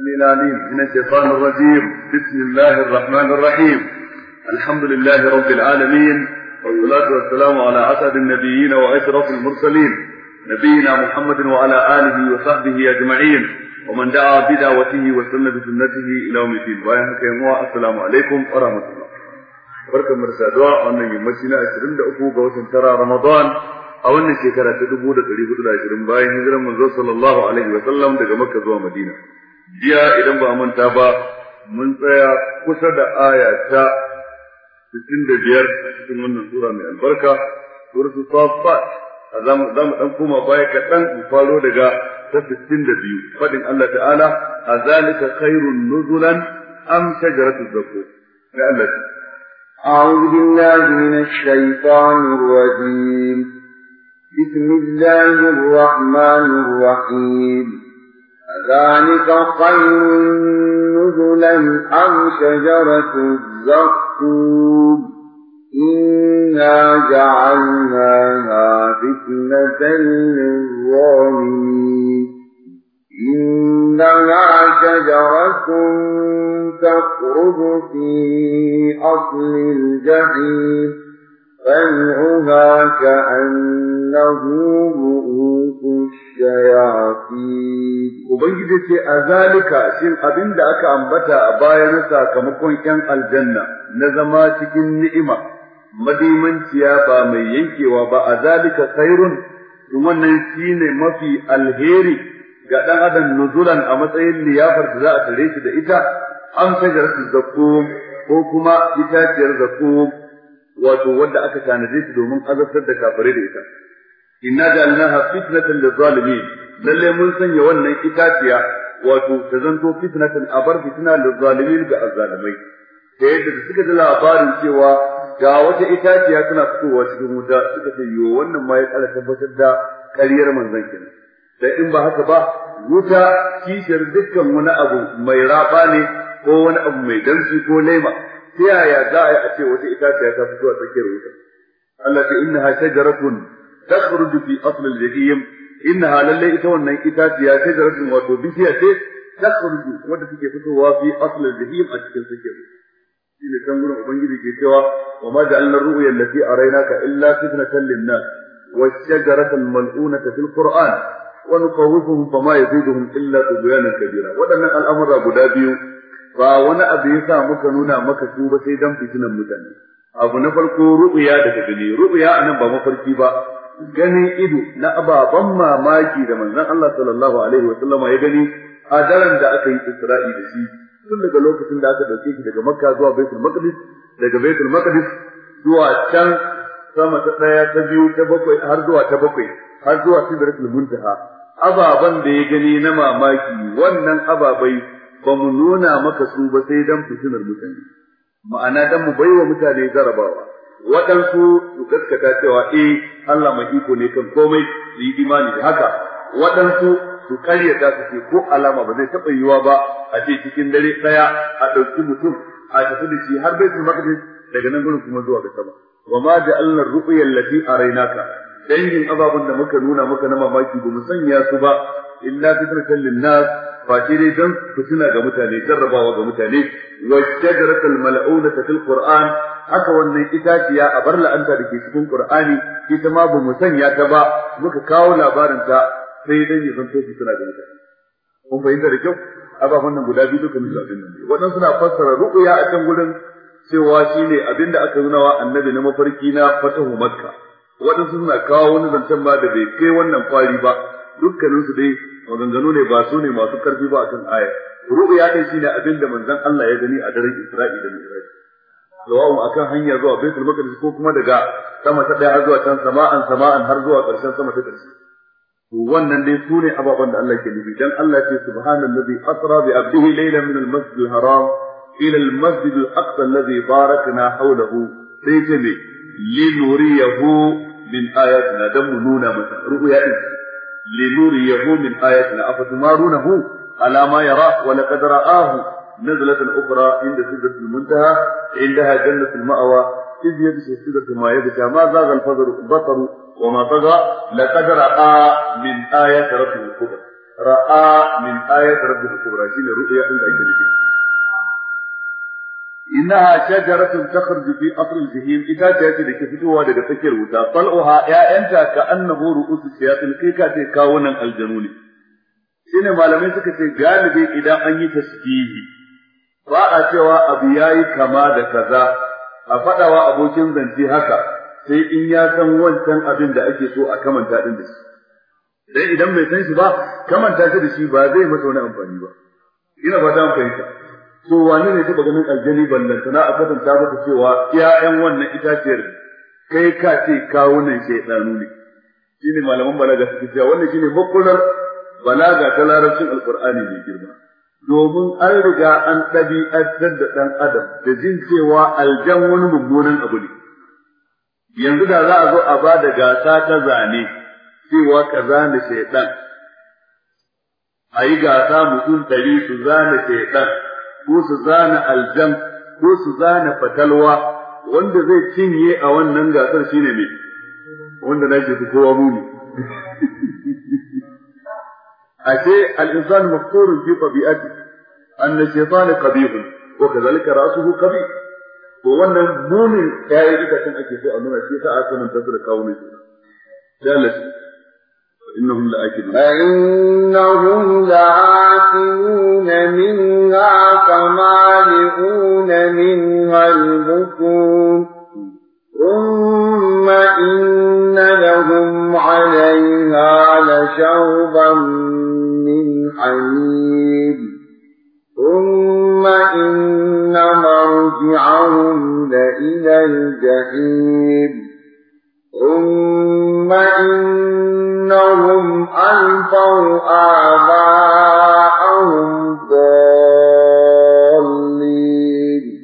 العليم من الشيطان الرجيم بسم الله الرحمن الرحيم الحمد لله رب العالمين والصلاة والسلام على أسعد النبيين وأشرف المرسلين نبينا محمد وعلى آله وصحبه أجمعين ومن دعا بدعوته وسن بسنته إلى يوم الدين وينهك السلام عليكم ورحمة الله بركة مرسى دعاء وأن يمشينا أشرين دعوه بوسن ترى رمضان a wannan shekara ta dubu da ɗari hudu da ashirin bayan hijiran manzo sallallahu alaihi wa sallam daga makka zuwa madina jiya idan ba manta ba mun tsaya kusa da aya ta 65 cikin wannan sura mai albarka suratul safat azam azam dan kuma baya kaɗan mu faro daga ta 62 fadin Allah ta'ala azalika khairun nuzulan am shajaratul zakum ya Allah أعوذ بالله من الشيطان الرجيم بسم الله الرحمن الرحيم أذلك خير نزلا أم شجرة الزقوم إنا جعلناها فتنة للظالمين إنها شجرة تخرج في أصل الجحيم طلعها كأنه رؤوس الشياطين وبنجد ce Azalika zalika shin abin da aka ambata a baya na sakamakon 'yan aljanna na zama cikin ni'ima madimanciya ba mai yankewa ba azalika zalika khairun wannan shine mafi alheri ga ɗan adam nuzulan a matsayin liyafar da za a tare shi da ita an shajaratu zakum ko kuma itaciyar zakum wato wanda aka tanaje shi domin azabtar da kafare da ita inna ja'alnaha fitnatan lizalimin lalle mun sanya wannan itaciya wato ta zanto fitnatan abar fitna lizalimin ga azzalimai da suka ji labarin cewa ga wata itaciya tana fitowa cikin wuta suka ce yo wannan ma ya kara tabbatar da ƙaryar manzon kenan da in ba haka ba wuta kishiyar dukkan wani abu mai raba ne ko wani abu mai dansi ko laima ta yaya za a yi a ce wata itaciya ta fito a tsakiyar wuta Allah ta innaha shajaratun takhruju fi asl al-jahim innaha lalle ita wannan itaciya shajaratun wato bishiya ce takhruju wadda take fitowa fi aslil al-jahim a cikin tsakiyar wuta shine can gurin ubangiji ke cewa wa ma ja'alna ru'ya allati araynaka illa fitnatan lin-nas wa shajaratan mal'unata fil qur'an wa nukhawwifuhum fama yaziduhum illa tughyana kabira wadannan al'amura guda biyu ba wani abu ya sa muka nuna maka su ba sai dan fitinan mutane abu na farko ru'ya daga gani ru'ya anan ba mafarki ba ganin ido na ababan mamaki da manzon Allah sallallahu alaihi wa sallama ya gani a daren da aka yi Isra'i da shi tun daga lokacin da aka dauke shi daga Makka zuwa Baitul Maqdis daga Baitul Maqdis zuwa can sama ta daya ta biyu ta bakwai har zuwa ta bakwai har zuwa Sidratul Muntaha ababan da ya gani na mamaki wannan ababai ba mu nuna maka su ba sai dan fitinar mutane ma'ana dan mu baiwa mutane jarabawa waɗansu su gaskata cewa eh Allah mai iko ne kan komai su yi imani da haka waɗansu su karyata su ce ko alama ba zai taɓa yiwa ba a ce cikin dare ɗaya a ɗauki mutum a tafi da shi har bai su maka daga nan gurin kuma zuwa ga sama wa ma ja'alna ar-ru'ya allati araynaka dangin ababen da muka nuna muka na mamaki ba mu sanya su ba illa fitratan linnas fa shi dai dan fitina ga mutane jarrabawa ga mutane wa shajaratul mal'unata fil qur'an haka wannan itaciya a bar la'anta da ke cikin qur'ani ita ma ba mu sanya ta ba muka kawo labarin ta sai dan ya zanto fitina ga mutane kun fahimta da kyau ababen nan guda biyu duka musu abin nan Wannan suna fassara ru'uya a can gurin cewa shine abinda aka nuna wa annabi na mafarki na fatahu makka waɗansu suna kawo wani zancen ba da bai kai wannan kwari ba dukkanin su dai maganganu ne ba su ne masu karfi ba akan aya ru'ya dai shine abin da manzon Allah ya gani a daren Isra'i da Mi'raj sawa'un akan hanya zuwa Baitul Maqdis ko kuma daga sama ta daya har zuwa can sama'an sama'an har zuwa ƙarshen sama ta ƙarshe wannan dai su ne ababen da Allah ke nufi dan Allah ce subhanallazi asra bi abdihi laylan min al-masjidil haram ila al-masjidil aqsa alladhi barakna hawlahu sai ce me linuriyahu min ayatina dan mu nuna masa ru'ya din li nuri yahu min ayatina afa tumarunahu ala ma yara wa laqad ra'ahu nazlatan ukhra inda sidratil muntaha indaha jannatul ma'wa iz yadsu sidratu ma yadka ma zaga al fadru bataru wa ma taga laqad ra'a min ayati rabbil kubra ra'a min ayati rabbil kubra shine ru'ya din da ake nufi إنها شجرة تخرج في أصل الجحيم إذا تأتي لك فتوها لك فكر وتا طلعها يا أنت كأنه رؤوس الشياطين كيكا كاونا الجنون شنو malamai suka ce galibi idan an yi ta tasbihi ba a cewa abu yayi kama da kaza a faɗawa abokin zance haka sai in ya san wancan abin da ake so a kamanta din da shi dan idan bai san shi ba kamanta shi da shi ba zai masa amfani ba ina ba ta to wani ne taba ganin aljani na a ta muku cewa ƴaƴan wannan itaciyar kai ka ce kawunan shaidanu ne shine malaman balaga suke cewa wannan shine makular balaga ta larabcin alqur'ani mai girma domin an riga an ɗabi'antar da ɗan adam da jin cewa aljan wani mummunan abu ne yanzu da za a zo a ba da gasa ta zane cewa ka zane shaidan a yi gasa mutum ɗari su zane shaiɗan ko su zana aljam ko su zana fatalwa wanda zai cinye a wannan gasar shine ne wanda na shi kowa muni ashe al-insan mafturun fi tabi'ati anna ko qabihun wa rasu ko qabih Ko wannan munin yayi ita kan ake so a nuna shi sa aka mun tabbata kawo ne dalil وإنهم لآكلون فإنهم لآكلون منها فمالئون منها البطون ثم إن لهم عليها لشوبا من حليب ثم إن مرجعهم لإلى الجحيم ثم إنهم ألفوا آباءهم ضالين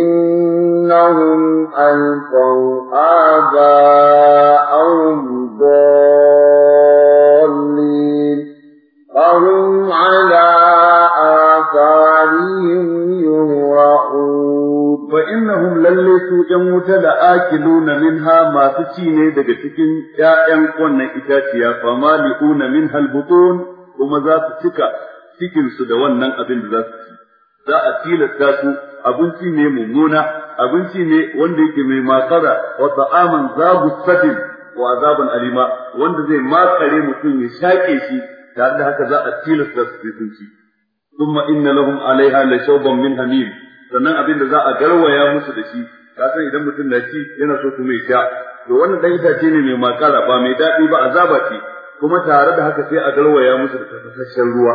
إنهم ألفوا آباءهم ضالين فهم على lalle su 'yan wuta da ake min minha masu ci ne daga cikin ‘ya'yan wannan itaciya fama li'una min halbutun kuma za su cika cikinsu da wannan abin da za su ci. Za a tilasta su abinci ne mummuna, abinci ne wanda yake mai makara wa ta'aman zabu wa azaban alima wanda zai makare mutum ya shaƙe shi tare da haka za a tilasta su sun ci. Thumma inna lahum alaiha la shawban min hamim sannan abin da za a garwaya musu da shi ka san idan mutum na ci yana so kuma ya sha to wannan dan itace ne mai makara ba mai daɗi ba azaba ce kuma tare da haka sai a garwaya musu da tafasasshen ruwa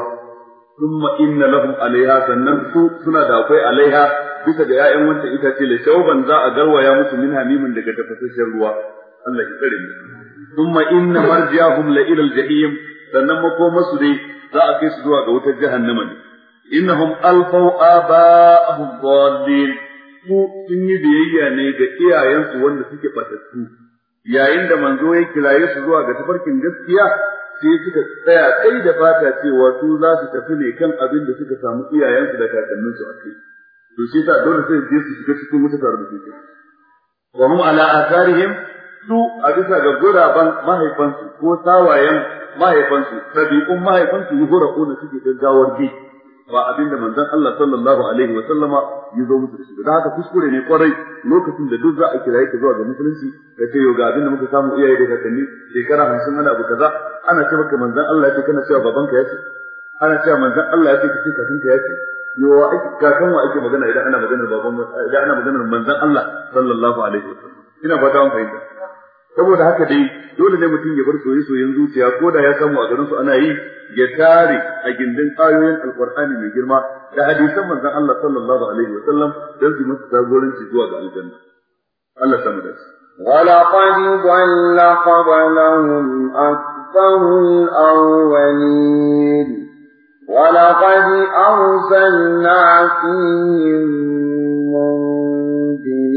thumma inna lahum alaiha sannan su suna da akwai alaiha bisa ga ƴaƴan wancan itace la shauban za a garwaya musu min hamimin daga tafasasshen ruwa Allah ya tsare mu thumma inna marji'ahum la ila al-jahim sannan su dai za a kai su zuwa ga wutar jahannama ne innahum alfau aba'ahum dallin su sun yi biyayya ne ga iyayensu wanda suke batattu yayin da manzo ya kiraye su zuwa ga tafarkin gaskiya sai suka tsaya kai da fata cewa su za su tafi ne kan abin da suka samu iyayensu da kakanninsu a kai to shi yasa dole sai je su shiga cikin wuta tare da su wa hum ala atharihim su a bisa ga guraban mahaifansu ko tawayen mahaifansu tabi'un mahaifansu yi ko da suke gaggawar bi ba abinda manzon Allah sallallahu alaihi wa sallama ya zo musu shi da haka kuskure ne kwarai lokacin da duk za a kira yake zuwa ga musulunci da ce yau ga abinda muka samu iyaye da kakanni shekara 50 ana abu kaza ana ce maka manzon Allah ya ce kana cewa babanka ya ce ana cewa manzon Allah ya ce kace kakanka ya ce wa ake kakan wa ake magana idan ana maganar baban idan ana maganar manzon Allah sallallahu alaihi wa sallam ina fata an fahimta saboda haka dai dole ne mutum ya bar soyayyen zuciya ko da ya samu a garin su ana yi ya tare a gindin ayoyin alqur'ani mai girma da hadisan manzon Allah sallallahu alaihi wasallam dan su musu jagoranci zuwa ga aljanna Allah ta mu da su ولقد ضل قبلهم أكثر الأولين ولقد أرسلنا فيهم منذرين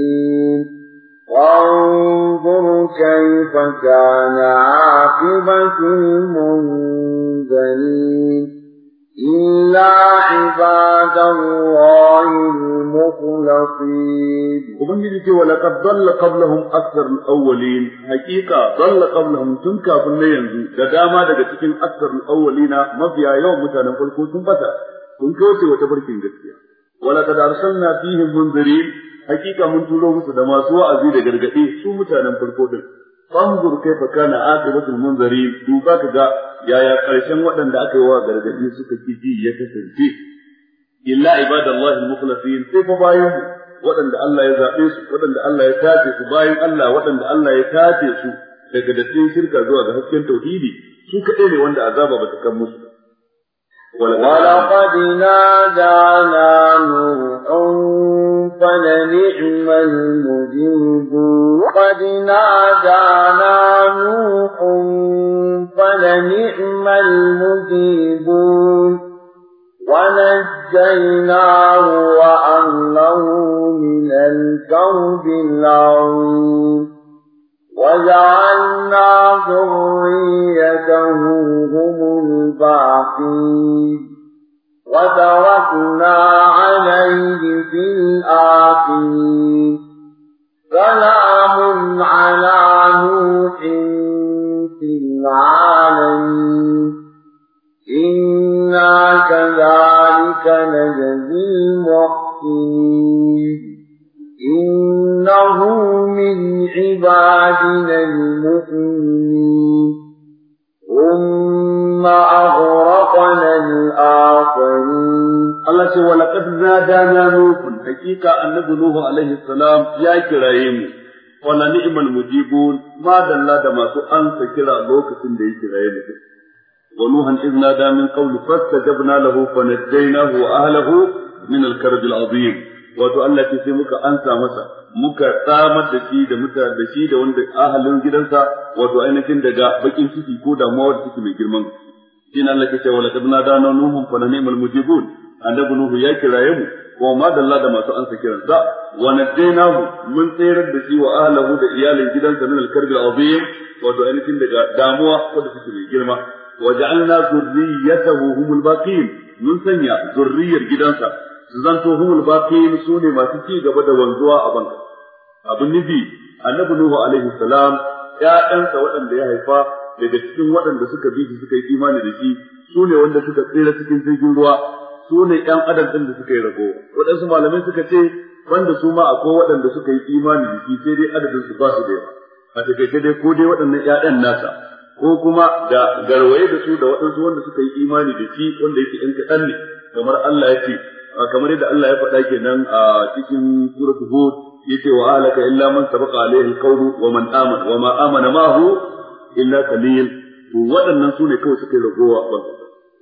وانظر كيف كان عاقبة المنذرين إلا عباد الله المخلصين وبنجي ولقد ضل قبلهم أكثر الأولين حقيقة ضل قبلهم تنكا في الليل لداما دقا تكين أكثر الأولين مضيا يوم متانا فالكوتم بتا كنتوتي وتبركين قسيا ولقد أرسلنا فيهم منذرين hakika mun turo musu da masu wa'azi da gargaɗe su mutanen farko din fanzur kaifa kana aqibatul munzari duba ga. yaya karshen waɗanda aka yi wa gargaɗi suka ki ji ya kasance illa ibadallahi al-mukhlasin sai fa bayan waɗanda Allah ya zaɓe su waɗanda Allah ya tace su bayan Allah waɗanda Allah ya tace su daga dattin shirka zuwa ga hasken tauhidi su kaɗai ne wanda azaba ba ta kan musu ولقد نادانا نوح فلنعم المجيب قد نادانا نوح فلنعم المجيب ونجيناه وأهله من الكرب العظيم وجعلنا ذريته هم الباقين وتركنا عليه في الآخرين سلام على نوح في العالمين إنا كذلك نجزي المحسنين إنه من عبادنا المؤمنين ثم أغرقنا kafarun. Allah annabi nuhu alaihi ya kiraye mu wa la ni'mal masu ansa kira lokacin da ya kiraye mu wa nuhan izna da min qawli fastajabna sai muka ansa masa muka ahalin gidansa wato ainihin daga bakin ciki ko damuwar ciki mai girman shine Allah ke cewa laqad nadana nuhum fa ni'mal mujibun annabi nuhu ya kiraye mu ko ma dalla da masu ansa kiransa wa nadainahu mun tsayar da shi wa ahlihi da iyalin gidansa min al-karbi azim ainihin daga damuwa wanda take mai girma wa ja'alna zurriyyatahu humul baqin mun sanya zurriyar gidansa su zanto humul baqin sune masu ci gaba da wanzuwa a banka abin nufi annabi nuhu alaihi salam ƴaƴansa waɗanda ya haifa daga cikin waɗanda suka bi shi suka yi imani da shi su ne wanda suka tsira cikin jirgin ruwa su ne ƴan adam ɗin da suka yi rago waɗansu malamai suka ce wanda su ma akwai waɗanda suka yi imani da shi sai dai adadin su ba su da yawa a takaice dai ko dai waɗannan ƴaƴan nasa ko kuma da garwaye da su da waɗansu wanda suka yi imani da shi wanda yake ɗan kaɗan ne kamar Allah ya ce kamar yadda Allah ya faɗa kenan a cikin suratul hud yace wa alaka illa man sabaqa alaihi alqawlu wa man amana wa ma amana hu illa qalil to waɗannan su ne kawai suka yi ragowa ba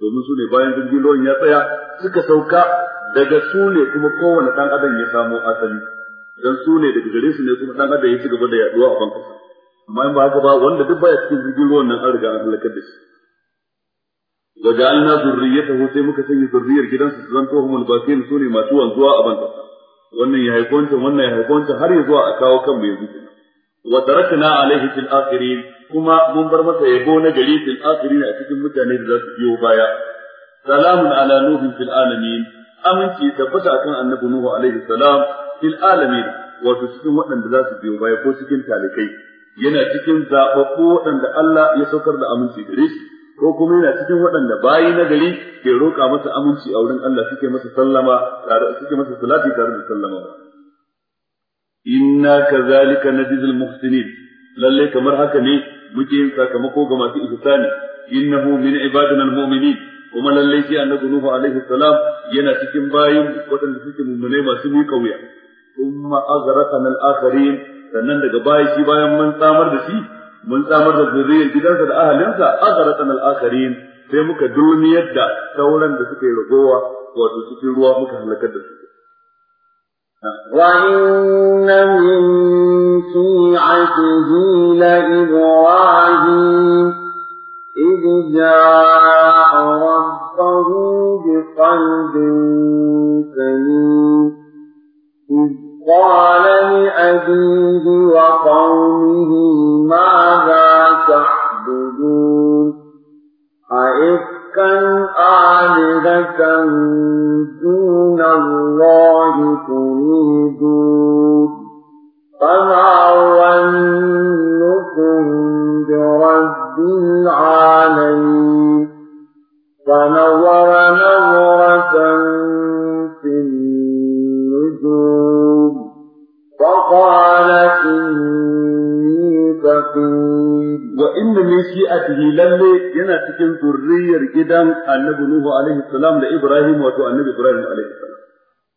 domin su ne bayan jirgin ruwan ya tsaya suka sauka daga su ne kuma kowane ɗan adam ya samo asali dan su ne daga gare su ne kuma ɗan adam ya ci gaba da yaduwa a banka amma in ba haka ba wanda duk baya cikin jirgin ruwan nan an riga an halakar da shi ja'alna zurriyatahu sai muka sanya zurriyar gidansu su zanto humul bakin su ne masu wanzuwa a banka wannan ya haifonta wannan ya haifonta har ya zuwa a kawo kan mai zuciya wa tarakna alaihi fil akhirin kuma mun bar masa yabo na gari fil akhirin a cikin mutane da za su biyo baya salamun ala nuhin aminci tabbata akan annabi nuhu alaihi salam fil alamin cikin waɗanda za su biyo baya ko cikin talikai yana cikin zaɓaɓɓu waɗanda Allah ya saukar da aminci da shi ko kuma yana cikin waɗanda bayi na gari ke roƙa masa aminci a wurin Allah suke masa sallama tare suke masa salati tare da sallama inna kazalika najzil muhsinin lallai kamar haka ne muke yin sakamako ga masu ihsani innahu min ibadina almu'minin kuma lallai shi annabi nuhu alaihi salam yana cikin bayin wadanda suke mummune masu mi kauya thumma aghraqna al-akharin sannan daga baya shi bayan mun tsamar da shi mun samar da zuriyar gidansa da ahalinsa aghraqna al sai muka duniyar da sauran da suka yi ragowa wato cikin ruwa muka halakar da وَإِنَّ مِن شِيعَتِهِ لَإِبْرَاهِيمَ إِذْ جَاءَ رَبَّهُ بِقَلْبٍ سَلِيمٍ إِذْ قَالَ لِأَبِيهِ وَقَوْمِهِ مَاذَا أئذ شركا آلهة دون الله تريدون فما ظنكم برب العالمين فنظر نظرة في النجوم فقال إني فقير wa inna min shi'atihi lalle yana cikin zurriyar gidan annabi nuhu alaihi salam da ibrahim wato annabi ibrahim alaihi salam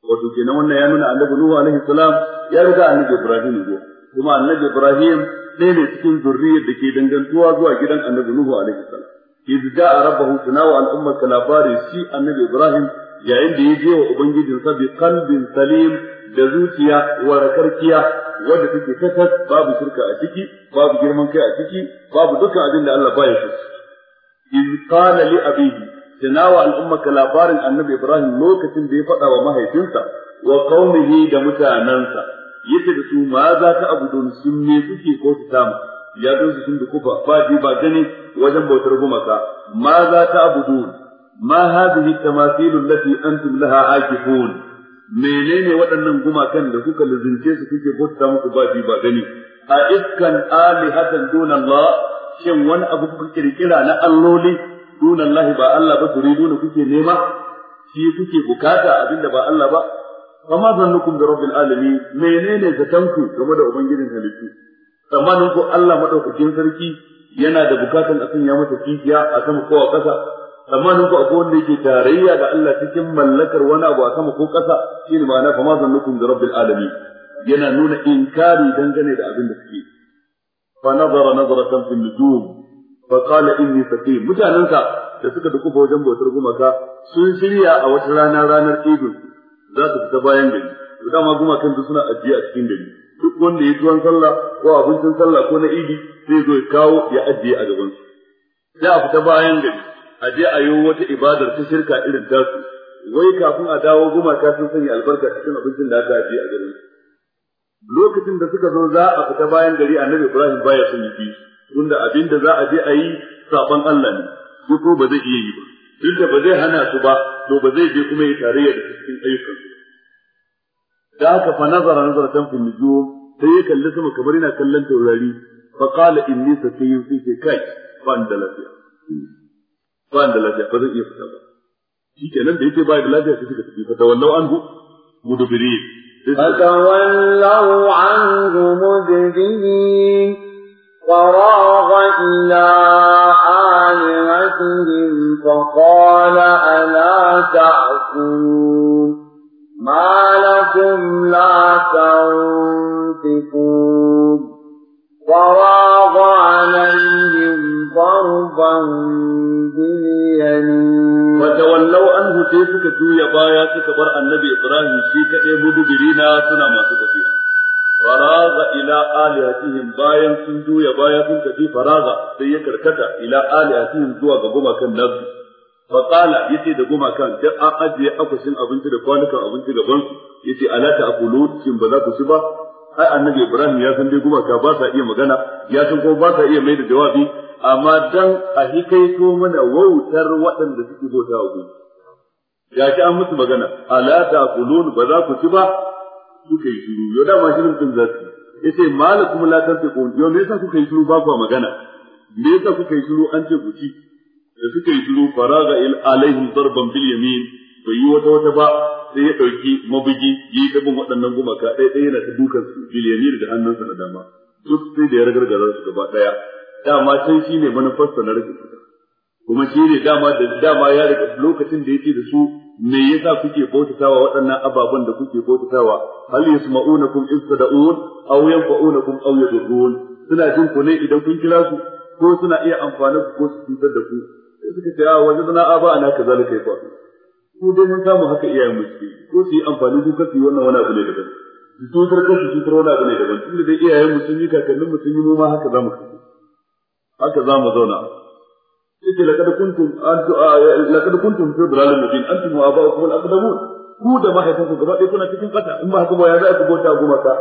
wato kenan wannan ya nuna annabi nuhu alaihi salam ya riga annabi ibrahim ne kuma annabi ibrahim ne ne cikin zurriyar da ke dangantuwa zuwa gidan annabi nuhu alaihi salam iz ja'a rabbahu tunawa al'ummata labarin shi annabi ibrahim yayin da ya je wa ubangijinsa bi qalbin salim da zuciya wa warakarkiya Wanda take tatas babu shirka a ciki babu girman kai a ciki babu dukkan abin da Allah baya shi in qala li abihi tunawa al'ummaka labarin annabi Ibrahim lokacin da ya faɗa wa mahaifinsa wa qaumihi da mutanansa yace da su ma za ka abudun sun me suke ko su tama ya don su sun da kufa ba ji ba gani wajen bautar gumaka ma za ta abudun ma hadhihi tamathilul allati antum laha akifun menene waɗannan gumakan da kuka lizince su kuke bauta muku ba ba gani a iskan alihatan la. shin wani abu kuka kirkira na alloli lahi ba Allah ba turiduna kuke nema shi kuke bukata abinda ba Allah ba fama zannukum da rabbil alamin menene zatanku game da ubangijin halittu tsammanin ku Allah madaukakin sarki yana da bukatan a sanya masa kikiya a sama ko a ƙasa nan ku akwai wanda yake tarayya da Allah cikin mallakar wani abu a sama ko ƙasa shine ma'ana fa ma nukun da rabbil alamin yana nuna inkari dangane da abin da suke fa nazara kan fil nujum fa qala inni saqim mutanansa da suka duku wajen bautar gumaka sun shirya a wata rana ranar idul za su fita bayan gari to dama gumakan duk suna ajiye a cikin gari duk wanda ya tuwon sallah ko abincin sallah ko na idi zai zo ya kawo ya ajiye a gaban su sai a fita bayan gari a je a yi wata ibadar ta shirka irin tasu wai kafin a dawo gumaka sun sanya albarka cikin abincin da aka je a garin lokacin da suka zo za a fita bayan gari annabi Ibrahim baya son yi biyu, tunda abin da za a je a yi saban Allah ne ko ba zai iya yi ba duk ba zai hana su ba to ba zai je kuma ya tarayya da cikin ayyukan da haka fa nazara nazaratan fi nujum sai ya kalli sama kamar yana kallon taurari fa qala inni saqiyun fi kai fa da ba da lafiya ba zai iya fita ba shi kenan da yake ba da lafiya sai suka tafi fa anhu mudbirin فتولوا عنه مدبرين فراغ إلى آلهتهم فقال ألا ما لكم لا تنطقون فراغ عليهم ضربا باليمين فتولوا عنه سيسك تويا بايا سكبر النبي إبراهيم شيكا مدبرين سنا ما فراغ إلى آلهتهم بايا سندو يا بايا سنكتي فراغ سيكر كتا إلى آلهتهم زوا غبوما كان فقال يتي da gumakan duk an ajiye akushin abinci da kwanukan abinci gaban su yace ala ta aqulu kin ba za ku ci ba ai annabi ibrahim ya san dai gumaka ba sa iya magana ba sa iya mai da jawabi amma dan a hikaito mana wautar waɗanda suke bauta wa Ya gashi an musu magana ala kulun ba za ku ci ba suka yi shiru yau dama shirin din za su yace malakum la tantiqun yau me yasa kuka yi shiru ba ku magana me yasa kuka yi shiru an ce ku ci da suka yi shiru faraga il alaihim darban bil yamin bai yi wata wata ba sai ya dauki mabigi yi ta bin waɗannan gumaka ɗaya ɗaya yana ta dukan su bil yamin da hannunsa na dama duk sai da ya ragargaza su gaba ɗaya dama can shi ne manufarsa na rage kuɗa kuma shi ne dama da dama ya rika lokacin da yake da su me yasa kuke bautatawa waɗannan ababen da kuke bautatawa hal yasma'unakum in tad'un aw yanfa'unakum aw yadurrun suna jin ku ne idan kun kira su ko suna iya amfani ku ko su cutar da ku sai suka ce a ah, wajen zana aba ana kai yafa ko dai mun samu haka iyayen mu ko su yi amfani ku kafi wannan wani abu ne daban su cutar kansu cutar wani abu ne daban tunda dai iyayen mu sun yi kakannin mu sun yi mu ma haka mu kasance haka za mu zauna yace laqad kuntum antu laqad kuntum fi dhalalin mubin antum wa aba'ukum al-aqdamun ku da mahaifanku gaba ɗaya kuna cikin fata in ba haka ba ya za ku bauta gumaka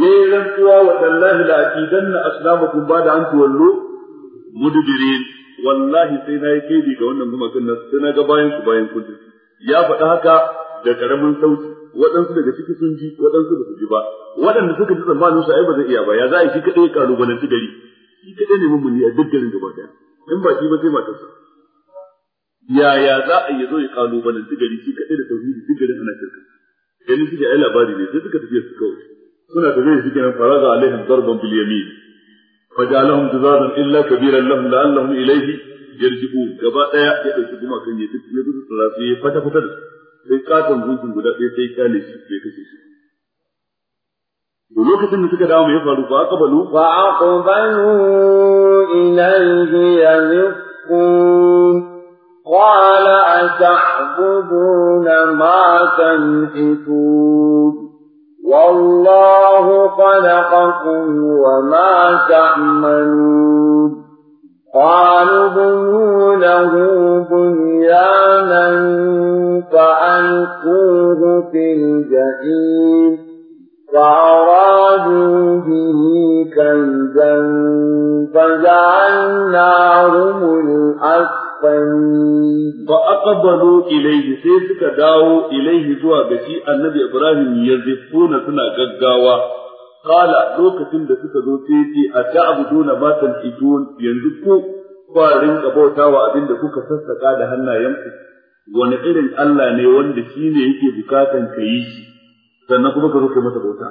yayin rantsuwa wa tallahi la aqidanna aslamakum ba'da an tuwallu mudbirin wallahi sai na yi kaidi ga wannan gumakan nan sai na ga bayan ku bayan kun ya faɗa haka da karamin sauti waɗansu daga ciki sun ji waɗansu ba su ji ba waɗanda suka ji tsammanin su ai ba zai iya ba ya za a yi shi kaɗai kalubalanci gari shi kadai ne mummuni a duk gaba daya in ba shi ba sai matarsa yaya za a yi zo ya kalubalen gari shi kadai da tauhidi duk ana shirka ganin shi da ai labari ne sai suka tafi su kawai suna tafiya shi kenan faraga alaihim darban bil yamin fajalahum jazadan illa kabiran lahum la'allahum ilayhi yarji'un gaba daya ya dauki kuma kan ya duk ya duk fata fata da sai katon gunkin guda ɗaya sai kyale shi sai kace shi da lokacin da suka dawo mai faru a aqbalu fa aqbalu ilayhi yamqun qala ata'buduna ma tanhitun والله خلقكم وما تعملون قالوا بنوا له بنيانا فألقوه في الجحيم وأرادوا به كيدا فجعلناهم الأسفلين فأقبلوا إليه سيسك داو إليه زوا بشيء النبي إبراهيم يزفون سنة قدقاوة قال لوكتن da suka zo sai ce a ta'buduna ma tanhitun yanzu ku ba rinka bautawa abinda kuka sassaka da hannayenku wani irin Allah ne wanda shi ne yake bukatan ka yi shi sannan kuma ka zo kai masa bauta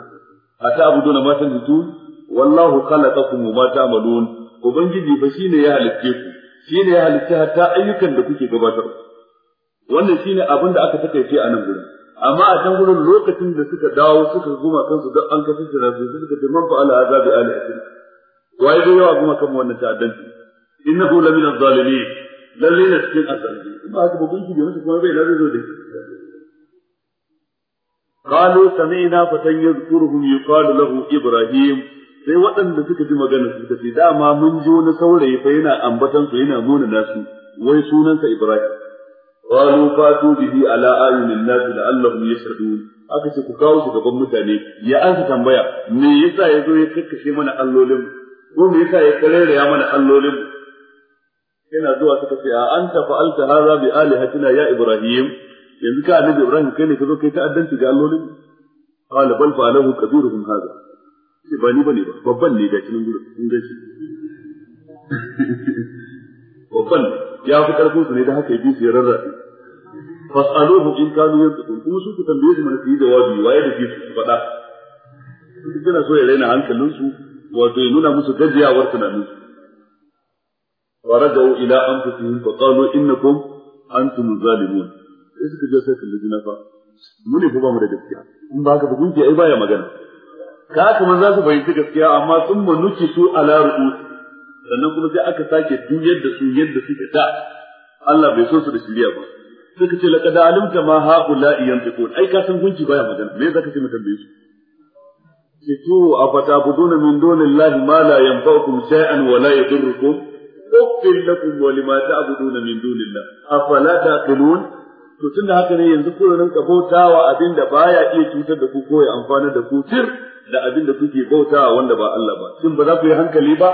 A ata na ma jitu, wallahu khalaqakum ma ta'malun ubangiji fa shine ya halicce ku shine ya halicce hatta ayyukan da kuke gabatar wannan shine abin da aka takaice a nan gurin amma a can gurin lokacin da suka dawo suka goma kansu duk an kasance na su suka ce man fa'ala hadha bi alihatina waye da yawa goma kan wannan ta'addanci innahu lamina zalimin lalle ne cikin azabi ba haka ba gunki ne kuma bai lalle zo da shi قالوا سمعنا فتى يذكرهم يقال له إبراهيم sai waɗanda suka ji magana suka ce dama mun jo wani saurayi fa yana ambatan su yana nuna nasu wai sunansa Ibrahim qalu fatu bihi ala ayunin nas la'allahum yashhadun aka ce ku kawo shi gaban mutane ya ansa tambaya me yasa ya zo ya kakkashe mana allolin ko me yasa ya kareraya mana allolin yana zuwa suka ce a anta fa'alta hadha bi alihatina ya Ibrahim yanzu ka annabi ibrahim kai ne ka zo kai ta'addanci ga allolin qala bal fa'alahu kabiruhum hadha sai ba ni bane ba babban ne gashi nan gurin in gashi babban ya fi karfin su ne da haka ya bi su ya rarrafe fas'aluhu in kanu yantakun kuma su ku tambaye su mana su yi jawabi waye da su faɗa duk yana so ya raina su, wato ya nuna musu gajiyawar tunaninsu ورجعوا إلى أنفسهم فقالوا إنكم أنتم الظالمون sai suka je sai kalli juna fa mu ne ko ba mu da gaskiya in ba ka ba ai baya magana ka kamar za su bayyana gaskiya amma sun manuki su ala ru'u sannan kuma sai aka sake duniyar da su yadda suke da Allah bai so su da shiriya ba suka ce laqad alimta ma haula yantiqun ai ka san gunki baya magana me zaka ce mu tambaye su ce to buduna min dunillahi ma la yanfa'ukum shay'an wa la yadurrukum أغفر لكم ولما تعبدون من دون الله أفلا تعقلون to da haka ne yanzu ku rinka bautawa abin baya iya cutar da ku ko ya amfana da ku tir da abin kuke bautawa wanda ba Allah ba shin ba za ku yi hankali ba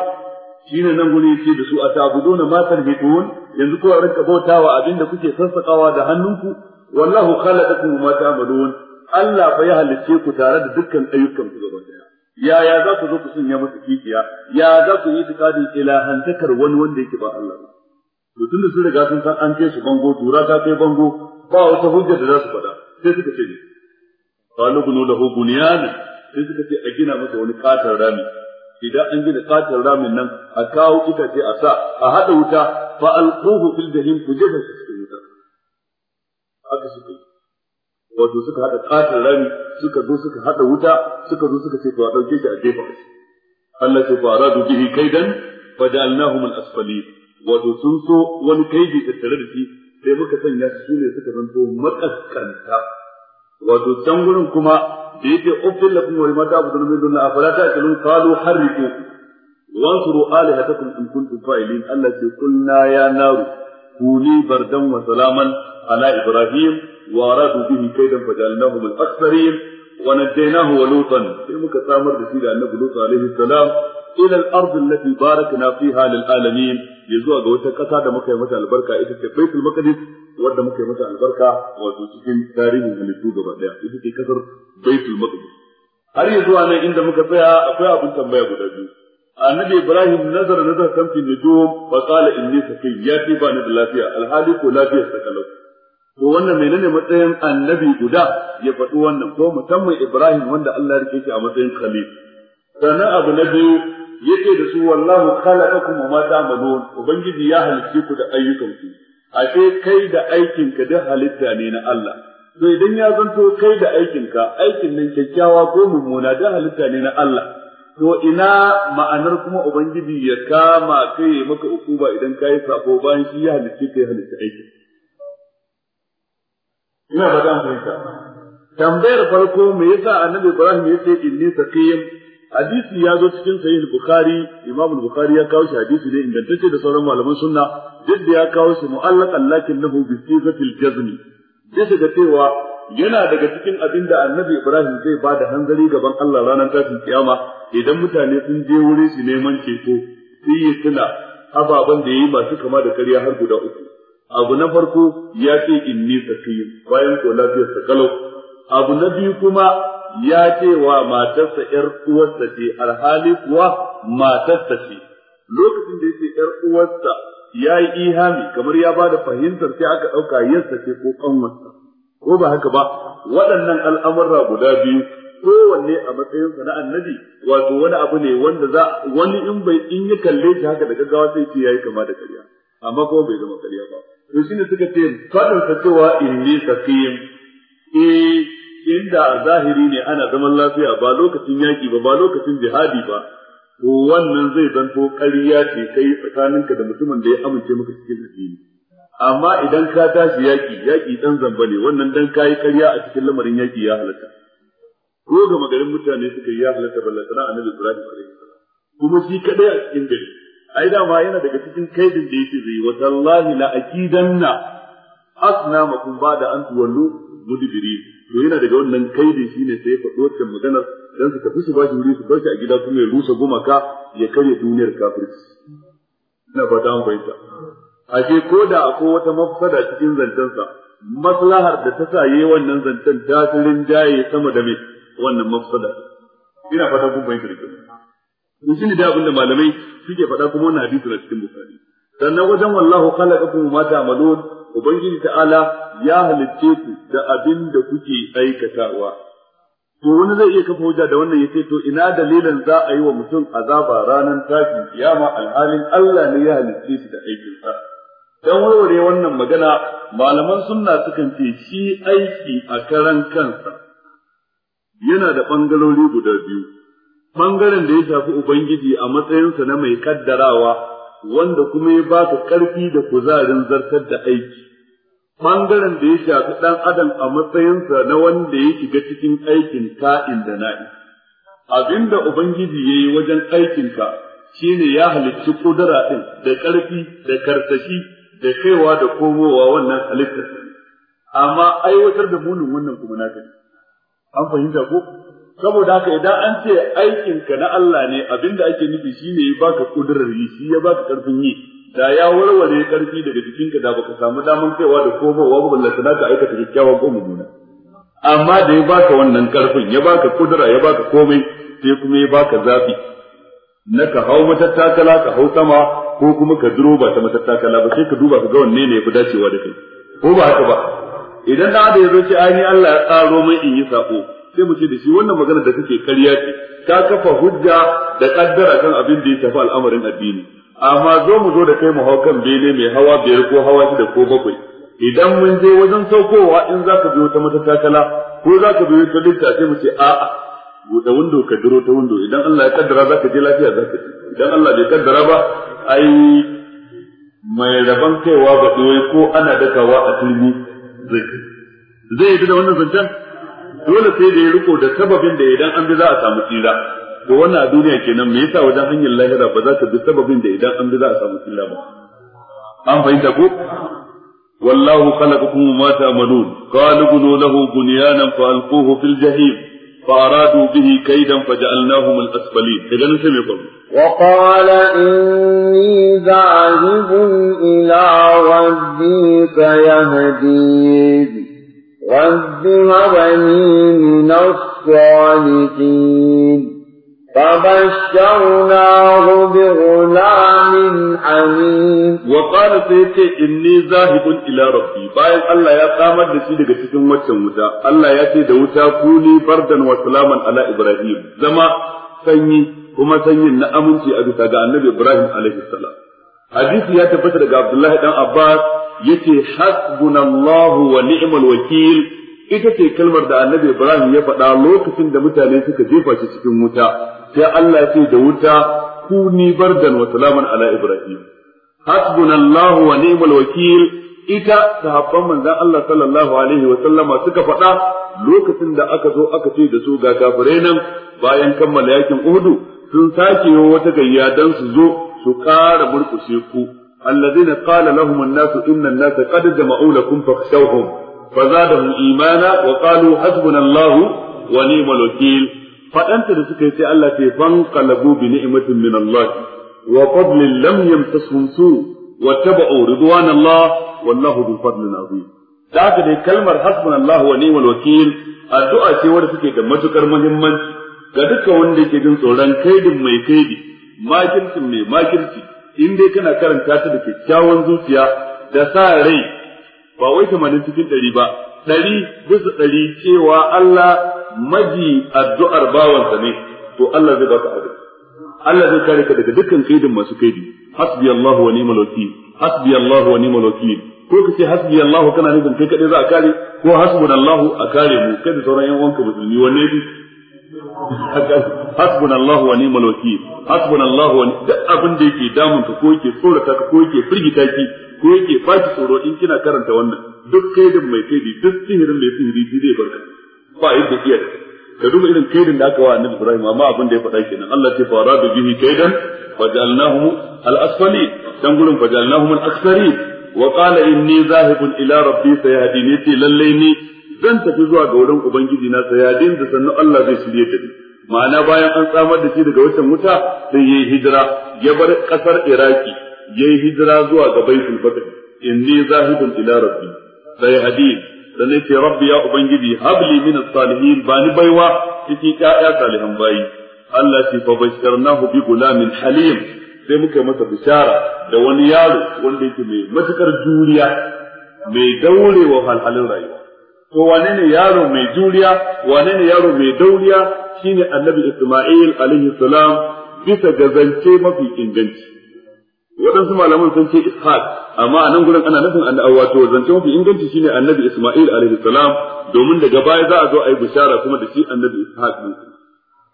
shine nan guri yake da su atabuduna ma tarhibun yanzu ku rinka bautawa abin da kuke sassakawa da hannunku wallahu khalaqakum ma ta'malun Allah fa ya halicce ku tare da dukkan ayyukan ku gaba daya yaya za ku zo ku sanya masa kikiya ya za ku yi tikadin ilahantakar wani wanda yake ba Allah ba to tunda sun riga sun san an kai su bango tura ta kai bango ba wata hujja da za su faɗa sai suka ce ne qalu bunu lahu bunyanan sai suka ce a gina masa wani katar rami idan an gina katar ramin nan a kawo itace a sa a hada wuta fa alquhu fil jahim ku jefa shi cikin wuta haka suka yi wato suka hada katar rami suka zo suka hada wuta suka zo suka ce to a dauke shi a jefa shi Allah ya fa aradu bihi kaidan fa ja'alnahum al asfali. wato sun so wani kaidi tattare da shi sai muka sanya su ne suka zanto makaskanta wato can gurin kuma da yake uffin lakum mata abu dunumin dunna afala ta'qilun qalu harriqu wansuru alihatakum in kuntum fa'ilin Allah ce kunna ya naru kuni bardan wa salaman ala ibrahim wa aradu bihi kaidan fajalnahu min aktharin wa najaynahu wa lutan sai muka samar da shi da annabi lutan alaihi salam ila al-ard allati barakna fiha lil alamin zuwa ga wata kasa da muka yi mata albarka ita ce baitul maqdis wanda muka yi mata albarka wato cikin tarihin halittu gaba daya ita ce kasar baitul maqdis har yanzu nan inda muka tsaya akwai abin tambaya guda biyu annabi ibrahim nazara nazar kan fi nujum fa qala inni sakai ya ce ba ni da lafiya alhali ko lafiyar sa kalau to wannan menene matsayin annabi guda ya faɗi wannan ko musamman ibrahim wanda Allah ya rike shi a matsayin khalil sannan abu na biyu yake da su wallahu khalaqakum wa ma ta'malun ubangiji ya halicce ku da ayyukan ku ce kai da aikin ka da halitta ne na Allah to idan ya zanto kai da aikin ka aikin nan kyakkyawa ko mummuna da halitta ne na Allah to ina ma'anar kuma ubangiji ya kama kai maka ukuba idan kai sako bayan shi ya halicce kai halitta aikin ina ba dan fahimta tambayar farko me yasa annabi Ibrahim yace inni saqim hadisi ya zo cikin sahih al-bukhari imam al-bukhari ya kawo shi hadisi ne ingantacce da sauran malaman sunna duk da ya kawo shi mu'allaqan lakin lahu bi sifatil jazmi bisa ga cewa yana daga cikin abin da annabi ibrahim zai ba da hanzari gaban Allah ranar tashin kiyama idan mutane sun je wuri su neman ceto sai yi tuna ababen da yayi masu kama da ƙarya har guda uku abu na farko ya ce inni sakiyu bayan ko lafiyar sakalau abu na biyu kuma ya ce wa matarsa ‘yar uwarsa ce, alhali kuwa matarsa ce, lokacin da yake ‘yar uwarsa ya yi ihami kamar ya ba da fahimtar sai aka ɗauka yarsa ce ko ƙanwarsa, ko ba haka ba, waɗannan al'amurra guda biyu kowanne a matsayinsa na annabi wato wani abu ne wanda za wani in bai in ya kalle shi haka da gaggawa sai ce yayi kama da ƙarya amma kuma bai zama ƙarya ba to shine suka ce fadin sacewa cewa inni saqim eh inda a zahiri ne ana zaman lafiya ba lokacin yaki ba ba lokacin jihadi ba to wannan zai zanto ƙarya ce kai tsakaninka da mutumin da ya amince maka cikin addini amma idan ka tashi yaki yaki dan zamba ne wannan dan kayi ƙarya a cikin lamarin yaki ya halaka ko ga magarin mutane suka yi ya halatta ballatana annabi Ibrahim alaihi salam kuma shi kadai a cikin gari ai dama yana daga cikin kaidin da yake zai wa tallahi la akidanna asnamakum ba'da an tuwallu mudbiri to yana daga wannan kaidi shine sai ya faɗo wannan maganar dan su tafi su ba shi wuri su bar shi a gida kuma ya rusa gumaka ya karya duniyar kafirci ina fata an fahimta ashe ko da akwai wata mafsada cikin sa maslahar da ta sa yi wannan zancen ta firin jaye sama da mai wannan mafsada ina fata kun fahimta da kyau shi ne da abinda malamai suke faɗa kuma wannan hadisi na cikin bukari sannan wajen wallahu khalaqakum ma ta'malun ubangiji ta'ala ya halicce ku da abin da kuke aikatawa to wani zai iya kafa hujja da wannan ya ce, to ina dalilan za a yi wa mutum azaba ranar tashin ma alhalin Allah ne ya halicce shi da aikin sa dan warware wannan magana malaman sunna sukan ce shi aiki a karan kansa yana da bangalori guda biyu bangaren da ya shafi ubangiji a matsayinsa na mai kaddarawa wanda kuma ya baka karfi da kuzarin zartar da aiki bangaren da ya shafi ɗan adam a matsayinsa na wanda ya shiga cikin aikin ka'inda na na'i abinda ubangiji yayi wajen aikinka shine ya halicci kudura ɗin da karfi da karsashi da kaiwa da komowa wannan halittar amma aiwatar da munin wannan kuma naka an fahimta ko saboda haka idan an ce aikin ka na Allah ne abinda ake nufi shine ya baka kudurar yi shi ya baka karfin yi da ya warware karfi daga jikinka da baka samu daman cewa da ko ba ballanta na ka aikata kyakkyawa ko mummuna amma da ya baka wannan karfin ya baka kudura ya baka komai sai kuma ya baka zafi na ka hau matattakala ka hau sama ko kuma ka duro ba ta matattakala ba sai ka duba ka ga wanne ne ya fi dacewa da kai ko ba haka ba idan da ya zo ce ainihin Allah ya tsaro mai in yi sako sai mu ce da shi wannan magana da kake ƙarya ce ta kafa hujja da kaddara kan abin da ya tafi al'amarin addini amma zo mu zo da kai mu hau kan bene mai hawa biyar ko hawa shida ko bakwai idan mun je wajen saukowa in za ka biyo ta matakakala ko za ka biyo ta lifta sai mu ce a'a buɗe windo ka duro ta windo idan Allah ya kaddara za ka je lafiya za ka je idan Allah bai kaddara ba ai mai rabon kaiwa ba ko ana dakawa a turmi zai zai yi da wannan zancen dole sai da ya riko da sababin da idan an bi za a samu tsira da wannan a duniya kenan me yasa wajen hanyar lahira ba za ka bi sababin da idan an bi za a samu tsira ba an fahimta ko wallahu khalaqakum ma mata qalu bunu lahu bunyanan fa alquhu fil jahim fa aradu bihi kaydan fa ja'alnahum al asfalin idan sai me kullu wa qala inni za'ibun ila rabbika yahdini رب هبني من الصالحين فبشرناه بغلام حليم وقال سيتي إني ذاهب إلى ربي باين الله يا قامت دشي daga cikin waccan wuta Allah ya ce da wuta kuni bardan wa salaman ala Ibrahim zama sanyi kuma sanyin na aminci a bisa ga Annabi Ibrahim alaihi salam hadisi ya tabbata daga Abdullahi ɗan Abbas yace hasbunallahu wa ni'mal wakil ita ce kalmar da annabi Ibrahim ya faɗa lokacin da mutane suka jefa shi cikin wuta sai Allah ya ce da wuta ku ni bardan wa salaman ala Ibrahim hasbunallahu wa ni'mal wakil ita sahabban manzon Allah sallallahu alaihi wa sallama suka faɗa lokacin da aka zo aka ce da su ga kafirai bayan kammala yakin Uhud sun sake wata gayya dan su zo su ƙara burkushe ku الذين قال لهم الناس إن الناس قد جمعوا لكم فاخشوهم فزادهم إيمانا وقالوا حسبنا الله ونعم الوكيل فأنت لسكي التي فانقلبوا بنعمة من الله وفضل لم يمسسهم سوء واتبعوا رضوان الله والله ذو فضل عظيم ذاك دي كلمة حسبنا الله ونعم الوكيل addu'a ce wadda suke da matukar muhimmanci ga duka wanda yake jin tsoron kaidin mai kaidi makircin mai makirci in dai kana karanta ta da kyakkyawan zuciya da sa rai ba wai tamanin cikin ɗari ba ɗari bisa ɗari cewa Allah maji addu'ar bawansa ne to Allah zai baka abin Allah zai kare ka daga dukkan kaidin masu kaidi hasbi Allah wa ni'mal wakil hasbi Allah wa ni'mal wakil ko kace hasbi Allah kana nufin kai kadai za a kare ko hasbunallahu a kare mu kai da sauran yan uwanka musulmi wanne Hasbun Allah wa maloki, hasbun Allah wa duk abin da yake damun ka ko yake tsorata ka ko yake firgita ki ko yake baki tsoro in kina karanta wannan duk kaidin mai kaidi duk sihirin mai sihiri shi zai barka ba yadda iya da ka duba irin kaidin da aka wa annabi Ibrahim amma abin da ya faɗa kenan Allah ce fara da bihi kaidan fajalnahum al-asfali dan gurin fajalnahum al-aksari wa qala inni zahibun ila rabbi sayahdini lallai ni zan tafi zuwa ga wurin ubangiji na sayadin da sannu Allah zai shirye ta ni ma'ana bayan an samar da shi daga wancan wuta sai yayi hijira ya bar kasar Iraki yayi hijira zuwa ga Baitul Fatah inni zahidun ila rabbi sai hadith dan ne ce rabbi ya ubangiji habli min salihin bani baiwa cikin ƴaƴa salihan bayi Allah ce fa bashirnahu bi gulamin halim sai muka masa bishara da wani yaro wanda yake mai matukar juriya mai daurewa halhalin rayuwa to wane ne yaro mai juriya wane ne yaro mai dauriya shine annabi Isma'il alaihi salam bisa ga zance mafi inganci waɗansu malaman sun ce ishaq amma a nan gurin ana nufin annabi wato zance mafi inganci shine annabi Isma'il alaihi salam domin daga baya za a zo a yi bishara kuma da shi annabi ishaq ne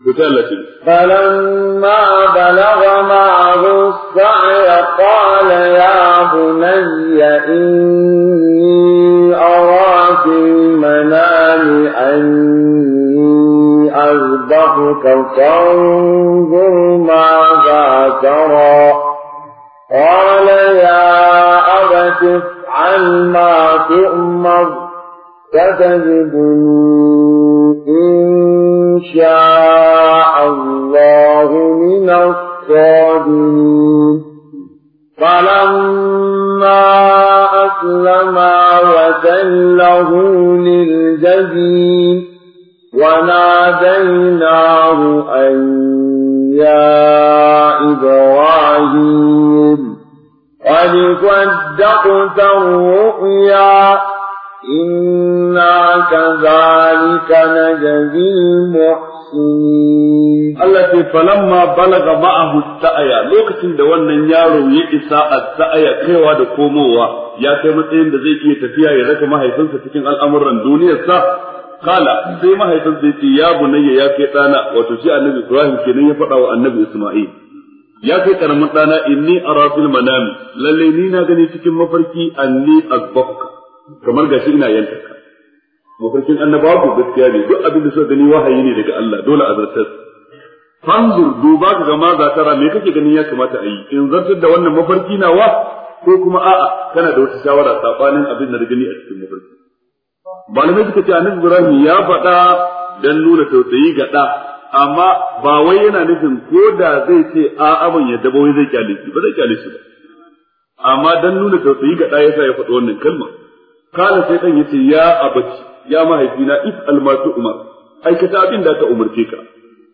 بثالث فلما بلغ معه السعي قال يا بني إن ربك فانظر ماذا ترى قال يا أبت افعل ما تؤمر ستجدني إن شاء الله من الصابرين فلما أسلما وتله للجبين وناديناه أن يا إبراهيم قد صدقت الرؤيا إنا كذلك نجزي المحسنين التي فلما بلغ معه السعي لوكتين da wannan yaro ya isa as-sa'ya kaiwa da komowa ya kai matsayin da zai iya tafiya ya raka mahaifinsa cikin al'amuran duniyarsa kala sai mahaifin zai ce ya bunayya ya kai dana wato shi annabi Ibrahim kenan ya faɗa wa annabi Isma'il ya kai karamin dana inni ara fil manam lalle ni na gani cikin mafarki anni kamar gashi ina yanka ka mafarkin annabawa ko gaskiya ne duk abin da suka gani wahayi ne daga Allah dole a zartar fanzur duba ka ga me kake ganin ya kamata a yi in zartar da wannan mafarki nawa ko kuma a'a kana da wata shawara sabanin abin da gani a cikin mafarki malamai suka ce annabi Ibrahim ya faɗa dan nuna tausayi ga ɗa amma ba wai yana nufin ko da zai ce a abin ya dabo zai kyale shi ba zai kyale shi ba amma dan nuna tausayi ga ɗa yasa ya faɗa wannan kalma kala sai dan yace ya abaci ya mahaifina if almatu umar aikata abin da ka umarce ka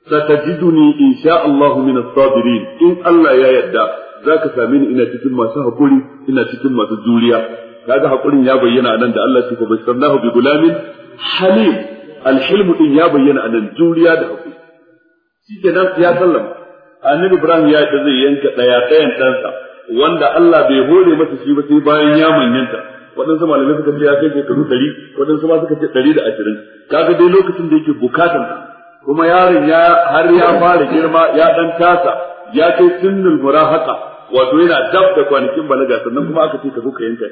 satajiduni insha Allah min as-sabirin in Allah ya yarda zaka same ni ina cikin masu hakuri ina cikin masu juriya kaga hakurin ya bayyana anan da Allah ya bashirnahu bi gulamin halim alhilmu din ya bayyana anan juriya da hakuri nan ya sallama annabi Ibrahim ya ce zai yanka daya dayan ɗansa wanda Allah bai hore masa shi ba sai bayan ya manyanta waɗansu malamai suka ce ya kai shekaru ɗari waɗansu ma suka ce ɗari da ashirin kaga dai lokacin da yake bukatan kuma yaron ya har ya fara girma ya ɗan tasa ya kai sinnul murahaka wato yana dab da kwanakin balaga sannan kuma aka ce ka zo ka yanka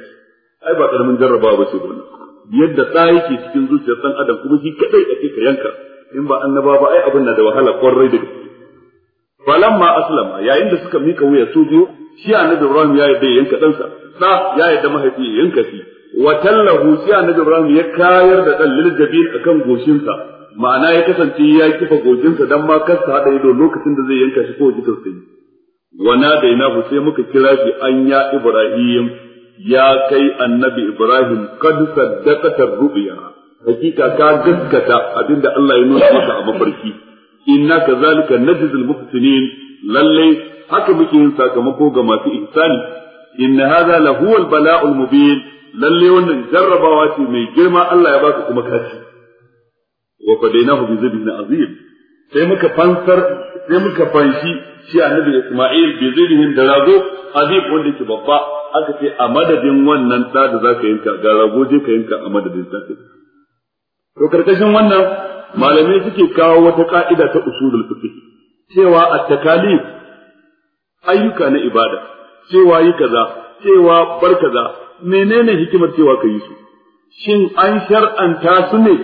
ai ba karamin jarrabawa ba ce ba yadda ɗa yake cikin zuciyar ɗan adam kuma shi kadai ake ka yanka in ba annaba ba ai abin na da wahala kwarai da gaske falamma aslama yayin da suka mika wuya su biyo shi annabi Ibrahim ya yarda yanka ɗansa da ya yadda mahaifi ya yanka shi wa tallahu shi annabi Ibrahim ya kayar da ɗan a akan goshinsa ma'ana ya kasance ya kifa gojinsa dan ma kasta hada ido lokacin da zai yanka shi ko ji tausayi wa hu sai muka kira shi anya Ibrahim ya kai annabi Ibrahim kad saddaqata ru'ya hakika ka gaskata abinda Allah ya nuna maka a mafarki inna kazalika najzil muhsinin lalle haka muke yin sakamako ga masu ihsani inna hadha la huwa al bala'ul mubin lalle wannan jarrabawa ce mai girma Allah ya baka kuma kashi? wa fadainahu bi zibin azim sai muka fansar sai muka fanshi shi annabi Isma'il bi zibin da rago azim wanda yake babba aka ce a madadin wannan ɗa da za ka yanka ga rago je ka yanka a madadin ɗa to karkashin wannan malamai suke kawo wata ka'ida ta usulul fiqh cewa at-takalif ayyuka na ibada cewa yi kaza cewa bar kaza menene hikimar cewa ka yi su shin an shar'anta su ne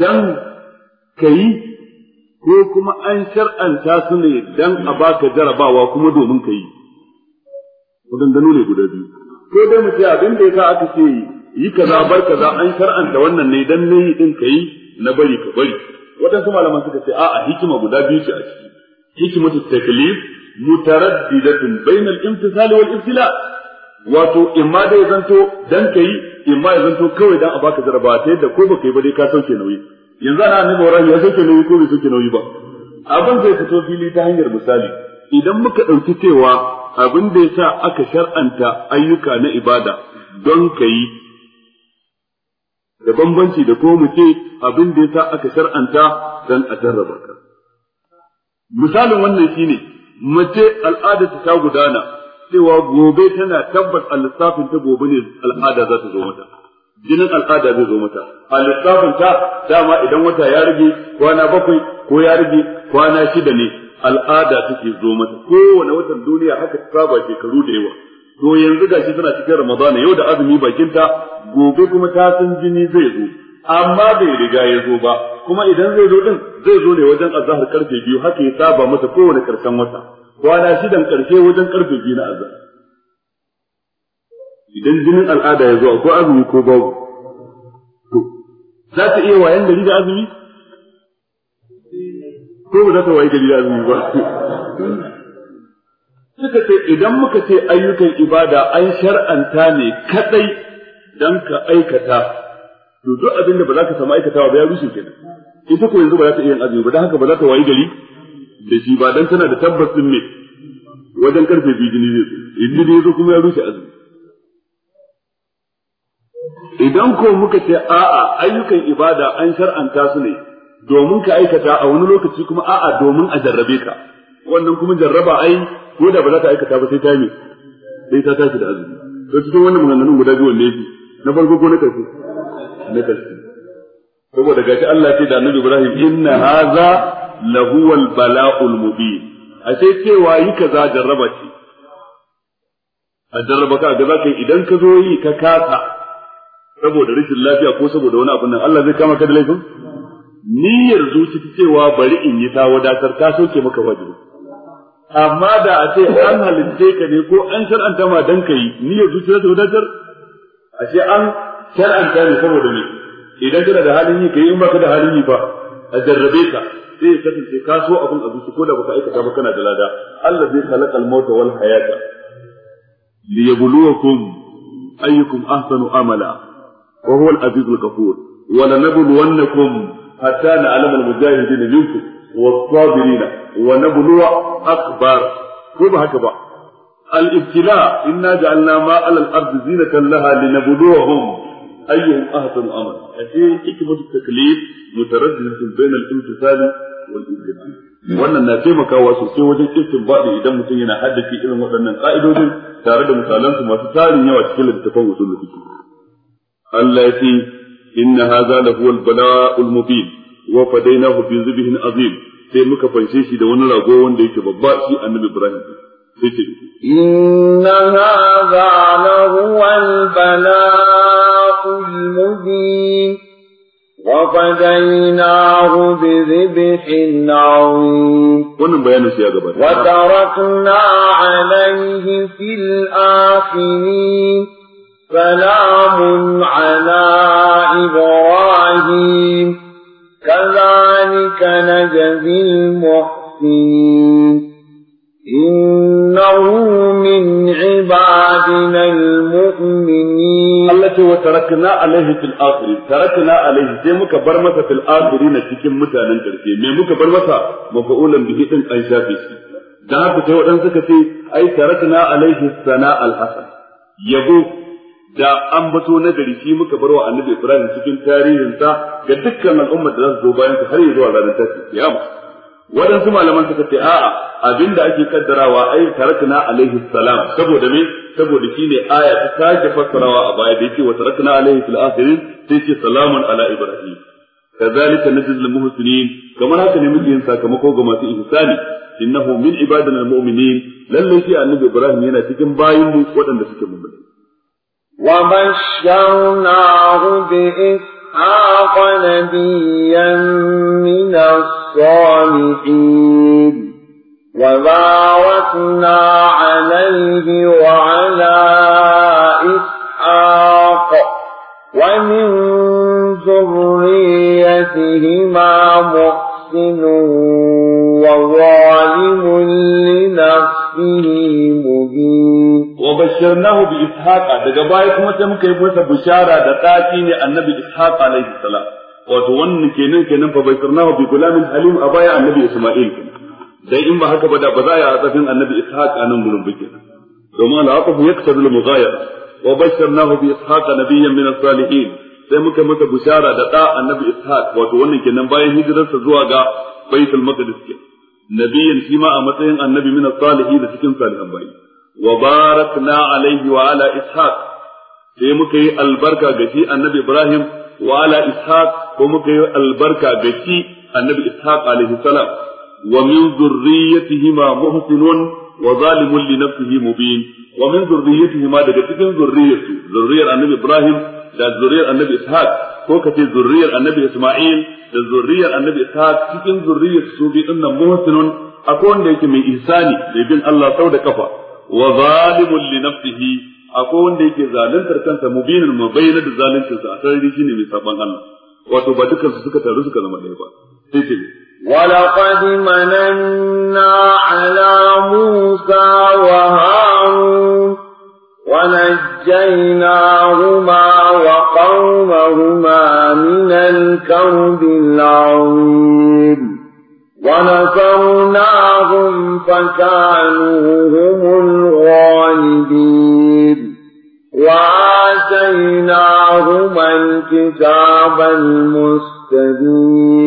dan ka yi ko kuma an shar'anta su ne dan a baka jarabawa kuma domin ka yi dano ne guda biyu ko dai mu ce abin da yasa aka ce yi kaza bar kaza an shar'anta wannan ne dan nayi din kai na bari ka bari wadansu malaman suka ce a'a hikima guda biyu ce a ciki Hikima ta taklif mutaraddidatun bainal imtisali wal ibtila wato imma dai zanto dan kai imma ya zanto kawai dan a baka jaraba ta yadda ko baka yi ba dai ka sauke nauyi yanzu ana annabi Ibrahim ya sauke nauyi ko bai sauke nauyi ba abin zai fito fili ta hanyar misali idan muka dauki cewa abin da ya sa aka shar'anta ayyuka na ibada don ka yi da bambanci da ko mu ce abin da ya sa aka shar'anta don a jarraba ka misalin wannan shine mace al'ada ta gudana cewa gobe tana tabbat a lissafin ta gobe ne al'ada za ta zo mata jinin al'ada zai zo mata a lissafin ta dama idan wata ya rage kwana bakwai ko ya rage kwana shida ne al'ada take zo mata kowane watan duniya haka ta saba shekaru da yawa to yanzu gashi tana cikin ramadana yau da azumi bakinta gobe kuma ta san jini zai zo amma bai riga ya zo ba kuma idan zai zo din zai zo ne wajen azahar karfe biyu haka ya saba mata kowane karshen wata kwana shidan karshe wajen karfe biyu na azahar idan jinin al'ada ya zo ko azumi ko babu to za ta iya wayan gari da azumi ko ba za ta wayi gari da azumi ba suka ce idan muka ce ayyukan ibada an shar'anta ne kadai dan ka aikata to duk abin da ba za ka samu aikatawa ba ya rushe kenan ita ko yanzu ba za ta iya yin azumi ba dan haka ba za ta wayi gari da shi ba dan tana da tabbas ne wajen karfe biyu jini zai zo jini ya zo kuma ya rushe azumi idan ko muka ce a'a ayyukan ibada an shar'anta su ne domin ka aikata a wani lokaci kuma a'a domin a jarrabe ka wannan kuma jarraba ai ko da ba za ta aikata ba sai ta yi sai ta tashi da azumi to cikin wannan maganganun guda biyu ne bi na farko ko na karshe na karshe saboda gashi Allah ce da Annabi Ibrahim inna hadha lahuwal bala'ul mubin ashe cewa yi kaza jarraba ce a jarraba ka ga zaka idan ka zo yi ka kasa saboda rashin lafiya ko saboda wani abun nan Allah zai kama ka da laifin niyyar zuci cewa bari in yi ta wadatar ta soke maka wajibi amma da a ce an halitte ka ne ko an shar'anta ma dan kai niyyar zuci za ta wadatar a ce an shar'anta ne saboda ne. idan kana da halin yi kai in baka da halin yi ba a jarrabe ka sai ka kasance ka so abun a zuci ko da baka aikata ba kana da lada Allah zai khalaqal mauta wal hayata liyabluwakum ayyukum ahsanu amala wa huwa al-aziz al-ghafur wa lanabluwannakum hatta na'lamu al-mujahidin minkum was-sabirin wa nabluwa akbar ko ba haka ba al-ibtila inna ja'alna ma 'ala al-ardi zinatan laha wannan na taimakawa sosai wajen baɗi idan mutum yana haddace irin waɗannan ka'idojin tare da misalansu masu tarin yawa cikin littattafan usul fiqh Allah ya ce inna hadha la huwa al-bala'ul mubin wa azim sai muka fanshe shi da wani rago wanda yake babba shi annabi Ibrahim sai ce inna hadha la huwa al-bala'ul mubin وفديناه بذبح عظيم وتركنا عليه fil الآخرين سلام على إبراهيم كذلك نجزي المحسنين إنه من عبادنا المؤمنين التي وتركنا عليه في الآخرين تركنا عليه زي مك برمسة في الآخرين تكن متانا تركي من مك برمسة مفعولا به إن أنشافي da haka sai waɗansu suka ce ai tarakna alaihi sana alhasan yabo da ambato na gari shi muka bar wa annabi Ibrahim cikin tarihinsa ga dukkan al'ummar da za su zo bayan sa har zuwa ranar tashi kiyama waɗansu malaman suka ce a'a abinda ake kaddarawa ai tarakna alaihi salam saboda me saboda ne aya ta sake fassarawa a baya da yake wa tarakna alaihi fil akhirin sai ce salamun ala ibrahim kazalika najzil muhsinin kamar haka ne muke yin sakamako ga masu ihsani innahu min ibadina almu'minin lalle shi annabi ibrahim yana cikin bayin mu waɗanda suke mu'mini وبشرناه بإسحاق نبيا من الصالحين وباركنا عليه وعلى إسحاق ومن ذريتهما محسن وظالم لنفسه bashirnahu bi ishaqa daga baya kuma sai muka yi masa bishara da tsaki ne annabi ishaqa alaihi salam wato wannan kenan kenan fa bashirnahu bi gulamin halim a baya annabi isma'il dai in ba haka ba da ba za a tsafin annabi ishaqa nan gurin ba domin al'aqafu yaktabu al-mughayar wa bashirnahu bi ishaqa nabiyyan min as-salihin sai muka masa bishara da da annabi ishaq wato wannan kenan bayan hijirarsa zuwa ga baitul maqdis kenan nabiyan shi ma a matsayin annabi min as-salihin da cikin salihan bayi Wabarak na alaihi wa ala ishaq sai muka yi albarka ga shi annabi ibrahim wa ala ishaq ko muka yi albarka ga shi annabi ishaq alaihi salam wa min zurriyyatihima muhsinun wa daga cikin zurriyar annabi ibrahim da zurriyar annabi ishaq ko ka ce zurriyar annabi Ismail da zurriyar annabi Ishaq cikin zurriyar su bi dinnan muhsinun akwai wanda yake mai ihsani da bin Allah sau da kafa wa zalimun li nafsihi akwai wanda yake zaluntar kansa mubinin mabayyana da sa a sarari shine mai saban Allah wato ba su suka taru suka zama ɗaya ba sai ce ولقد مننا على موسى وهارون ونجيناهما وقومهما من الكرب العظيم Wana kam na rumfa can muhumur wani biri? Wa sai na ruman kitabar Mustafi.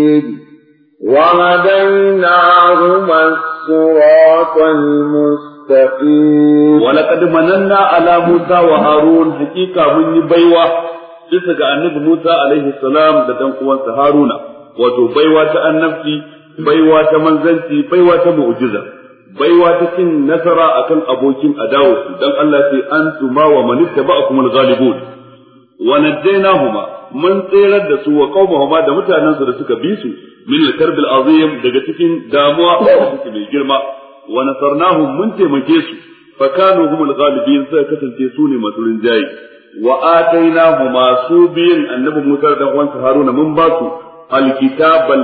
Wana dai na ruman surafan Mustafi. wa arohan jiki kamin yi baiwa? Isa ga Annabi Musa alaihi salaam da ɗan uwansa Haruna, wato baiwa ta annabti. baiwa ta manzanci baiwa ta mu'jiza baiwa ta cin nasara akan abokin adawa dan Allah sai antuma wa man ittaba'akum al-ghalibun wa nadainahuma mun tsirar da su wa qaumahuma da mutanen su da suka bi su min al-karb al-azim daga cikin damuwa da mai girma wa nasarnahum mun taimake su fa kanu hum al-ghalibin sai kasance su ne masu rinjaye wa atainahuma su biyin annabi Musa da dan uwansa Haruna mun ba su al-kitabal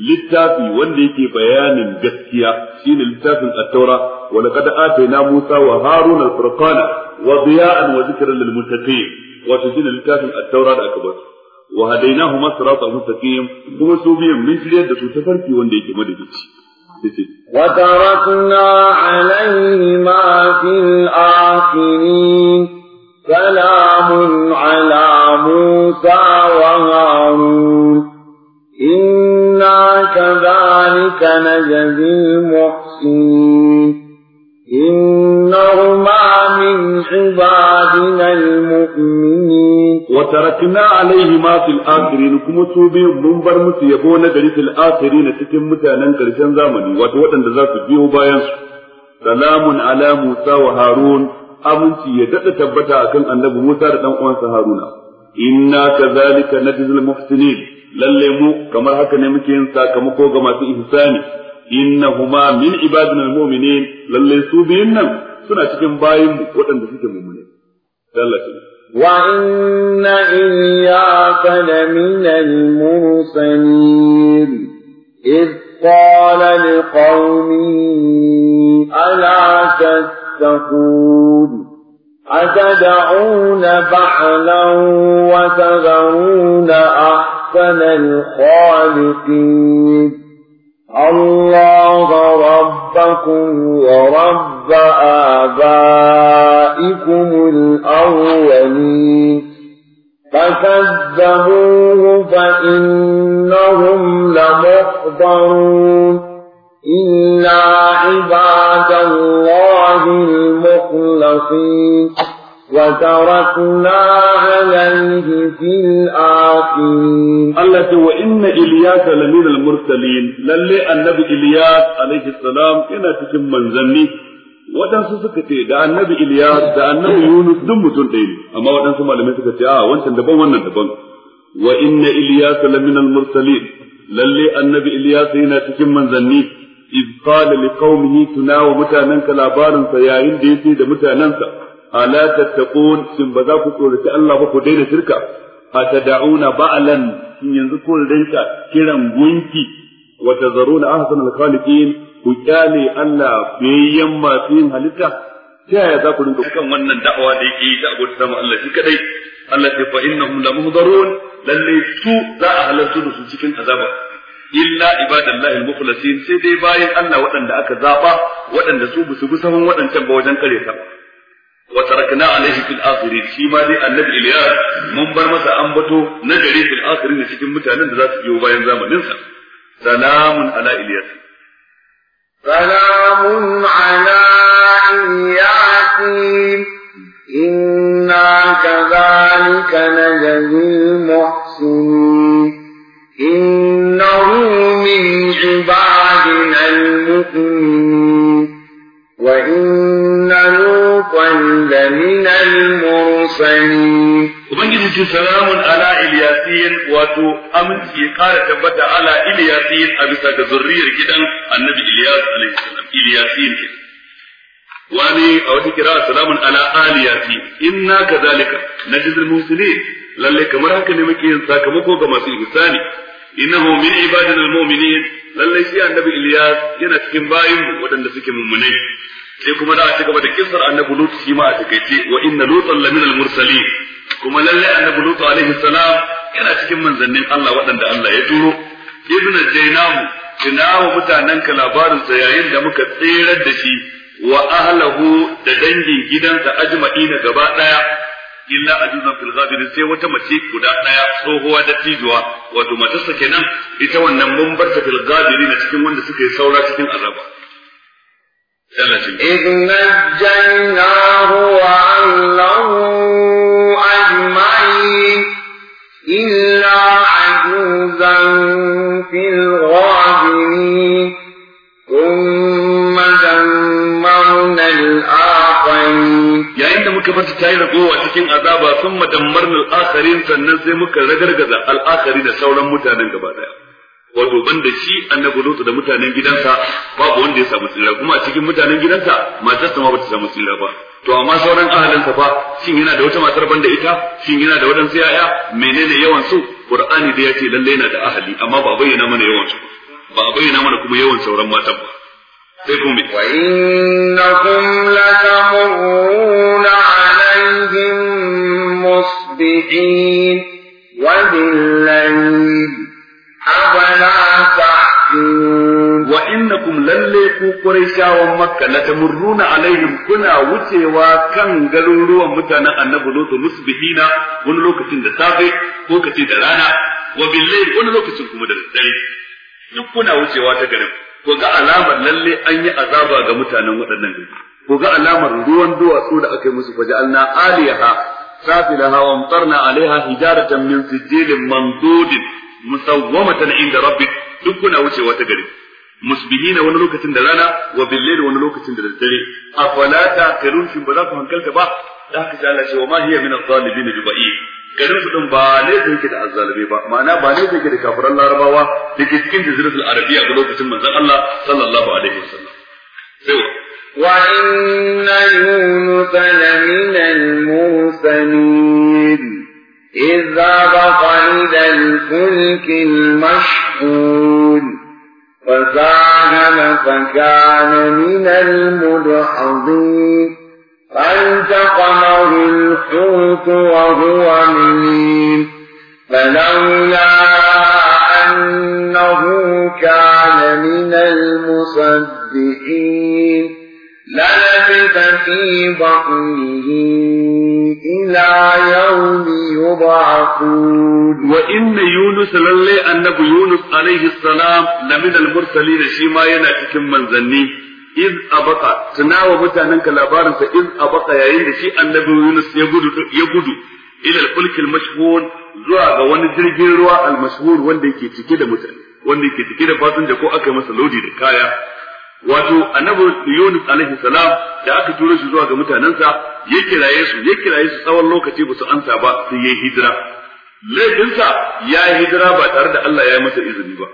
littafi wanda yake bayanin gaskiya shine littafin at-taura wa laqad atayna Musa wa haruna al-furqana wa diya'an wa dhikran lil muttaqin wato shine littafin at-taura da aka basu wa hadainahuma siratan mustaqim kuma su biyan mun shirye da su ta farki wanda yake madadici وتركنا عليهما في الآخرين سلام على موسى وهارون إن كذلك نجزي المحسنين إنهما من عبادنا المؤمنين وتركنا عليهما في الآخرين كما توبي منبر مسيبون دري في الآخرين تتم متانا كرشان زامني وتوتن دزاك بيه بايانس سلام على موسى وهارون aminci ya daɗa tabbata akan annabi Musa da ɗan إنا كذلك نجزي المحسنين lalle mu kamar haka ne muke yin sakamako ga masu ihsani innahuma min ibadina almu'minin lalle su biyun nan suna cikin bayin mu waɗanda suke mu'mini sallallahu alaihi وإن إياك لمن المرسلين id qala liqawmi ala تتقون أتدعون بحلا وتذرون أحدا أحسن الخالقين الله ربكم ورب آبائكم الأولين فكذبوه فإنهم لمحضرون إلا عباد الله المخلصين وتركنا عليه في الآخرين التي وإن إلياس لمن المرسلين للي النبي إلياس عليه السلام إنا تكم من زني waɗansu suka ce da annabi Iliyas da annabi Yunus duk mutum ɗaya ne amma waɗansu malamai suka ce a wancan daban wannan daban wa inna Iliyas lamina al-mursalin lalle annabi Iliyas yana cikin manzanni iz qala liqaumihi tunawa mutananka labarin sa yayin da yake da mutanansa ala tattaqun shin ba za ku tsoraci Allah ba ku daina shirka A da'una ba'lan sun yanzu ku rinka kiran gunki wa tazaruna ahsan al-khaliqin ku kyale Allah bayan masu yin halitta ta yaya za ku rinka kan wannan da'awa da yake yi ta abu ta Allah shi kadai Allah ce fa innahum la muhdarun lalle su za a halarta su cikin azaba illa ibadallahi al-mukhlasin sai dai bayan Allah waɗanda aka zaba waɗanda su bisu gusan sahun waɗancan ba wajen kare ta وتركنا عليه في الاخرين شي ما دي النبي الياس من بر مسا انبتو نجري في الاخرين cikin mutanen da za su النساء سلام على الياس سلام على الياسين إنا كذلك نجزي المحسنين إنه من عبادنا المؤمنين وإن لمن المرسلين ubangiji ce salamun ala iliyasin kara tabbata ala iliyasin a bisa ga zurriyar gidan annabi ke wani a wata kira salamun ala kamar haka ne muke yin sakamako ga masu ihsani innahu min ibadina almu'minin shi annabi yana cikin bayin waɗanda suke sai kuma da a ci gaba da kisar annabi lut shi ma a takaice wa inna lutan lamin al-mursalin kuma lalle annabi lut alaihi salam yana cikin manzannin Allah waɗanda Allah ya turo ibnu jainamu tunawa mutanen ka labarin sa yayin da muka tserar da shi wa ahlahu da dangin gidansa ajma'ina gaba daya illa ajuzan fil ghabirin sai wata mace guda daya tsohuwa da tijuwa wato nan. kenan ita wannan mun barta fil ghabirin cikin wanda suka yi saura cikin azaba إذ نجيناه وأهله أجمعين إلا عجوزا في الغابرين ثم دمرنا الآخرين yayin da muka bar ta yi ragowa cikin azaba sun madammar al'akhirin sannan sai muka ragargaza al'akari da sauran mutanen gaba daya wato da shi annabi lutu da mutanen gidansa babu wanda ya samu tsira kuma a cikin mutanen gidansa ta ma bata samu tsira ba to amma sauran sa fa shin yana da wata matar banda ita shin yana da wadansu yaya menene yawan su qur'ani da yace lalle yana da ahali amma ba bayyana mana yawan su ba bayyana mana kuma yawan sauran matan ba sai kuma wa innakum latamuruna alaihim musbihin wa bil afala wa innakum lalle ku quraishawan makka la tamurruna alaihim kuna wucewa kan garuruwan mutanen annabi lutu musbihina wani lokacin da safe ko kace da rana wa billahi wani lokacin kuma da dare duk kuna wucewa ta garin ko ga alamar lalle an yi azaba ga mutanen waɗannan gari ko ga alamar ruwan duwatsu da aka yi musu faja'alna aliyaha safilaha wa amtarna alaiha hijaratan min sijilin mandudin musawwamatan inda rabbik duk kuna wucewa ta gari musbihina wani lokacin da rana wa billahi wani lokacin da daddare afala karun shin ba za ku hankalta ba da haka sai Allah ce wa ma hiya min adh-dhalimin bi ba'i garin su din ba ne da da azzalimi ba ma'ana ba ne da da kafiran larabawa da ke cikin jaziratul arabiya a lokacin manzon Allah sallallahu alaihi wasallam sai wa inna yunus lamina al-mursalin إذ بقى إلى الفلك المشحون فساهم فكان من المدحضين فالتقمه الحوت وهو مليم فلولا أنه كان من المصدقين لبث في بطنه إلى يوم يبعثون وإن يونس للي أنه يونس عليه السلام لمن المرسلين شيما ينأتكم من ذني إذ أبقى تناوى متعنك لابارن إذ أبقى يا يعين شيء النبي يونس يقود يقود إلى الفلك المشهور zuwa ga wani jirgin ruwa almashhur wanda yake cike da mutane wanda yake cike da fasinja ko aka wato annabi Yunus alaihi salam da aka turo shi zuwa ga mutanensa ya kiraye su ya kiraye su tsawon lokaci ba su ansa ba sai ya hijira laifinsa ya hijira ba tare da Allah ya yi masa izini ba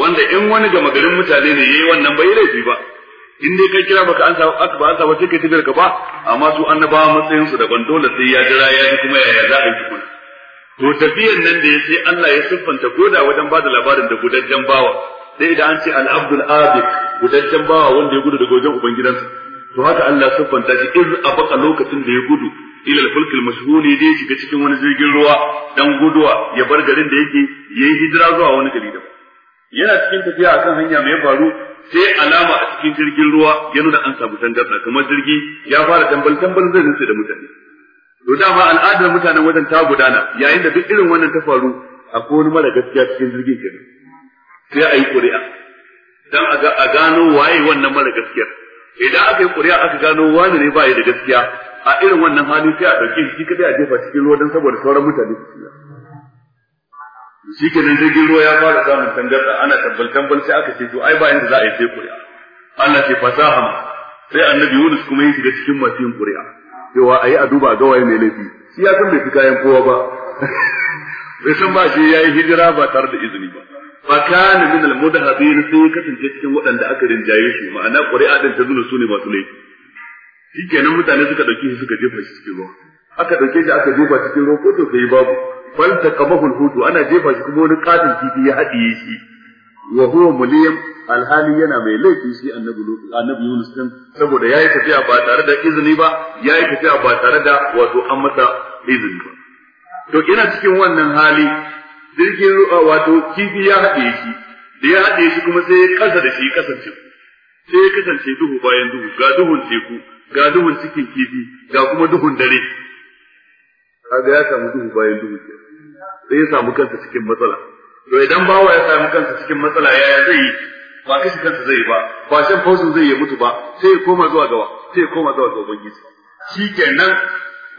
wanda in wani gama garin mutane ne yayi wannan bai laifi ba in dai kai kira baka ansa aka ba ansa ba take tafiyar ka ba amma su annabawa matsayin su daban dole sai ya jira ya ji kuma yaya za a yi tukun to tafiyan nan da ya sai Allah ya siffanta goda wajen ba da labarin da gudajjen bawa sai idan an ce alabdul abdul abik gudancen bawa wanda ya gudu daga wajen ubangidansa to haka Allah sabbanta shi a abaka lokacin da ya gudu ila al-fulk al-mashhul ya shiga cikin wani jirgin ruwa dan guduwa ya bar garin da yake yayi hijira zuwa wani gari da yana cikin tafiya akan hanya mai faru sai alama a cikin jirgin ruwa ya nuna an samu tangarda kamar jirgi ya fara tambal tambal zai nutse da mutane to dama al'adar mutanen wajen ta gudana yayin da duk irin wannan ta faru akwai wani mara gaskiya cikin jirgin kenan sai a yi ƙuri'a dan a gano waye wannan mara gaskiyar idan aka yi ƙuri'a aka gano wani ne ba da gaskiya a irin wannan hali sai a ɗauke shi kadai a jefa cikin ruwa don saboda sauran mutane su shiga shi nan jirgin ruwa ya fara samun tangarɗa ana tabbal sai aka ce to ai ba yanda za a yi sai ƙuri'a Allah ce fasaha sai annabi Yunus kuma ya shiga cikin masu yin ƙuri'a cewa a yi a duba ga waye mai laifi shi ya san bai fi kayan kowa ba bai san ba shi ya yi hijira ba tare da izini ba fa kana min al mudhabin sai kasance cikin waɗanda aka rinjaye su ma'ana ƙuri'a din ta zuna sune masu laifi shikenan mutane suka dauke shi suka jefa shi cikin ruwa aka dauke shi aka jefa cikin ruwa ko to sai babu fal takamahu al hudu ana jefa shi kuma wani katin kifi ya haɗiye shi wa huwa muliyam alhali yana mai laifi shi annabi annabi Yunus din saboda yayi tafiya ba tare da izini ba yayi tafiya ba tare da wato an masa izini ba to ina cikin wannan hali jirgin ruwa wato kifi ya haɗe shi da ya haɗe shi kuma sai kasa da shi kasance sai ya kasance duhu bayan duhu ga duhun teku ga duhun cikin kifi ga kuma duhun dare kaga ya samu duhu bayan duhu ke sai ya samu kansa cikin matsala to idan bawa ya samu kansa cikin matsala yaya zai yi ba kashi kansa zai yi ba ba shan fosin zai yi mutu ba sai ya koma zuwa gawa sai ya koma zuwa ga ubangiji kenan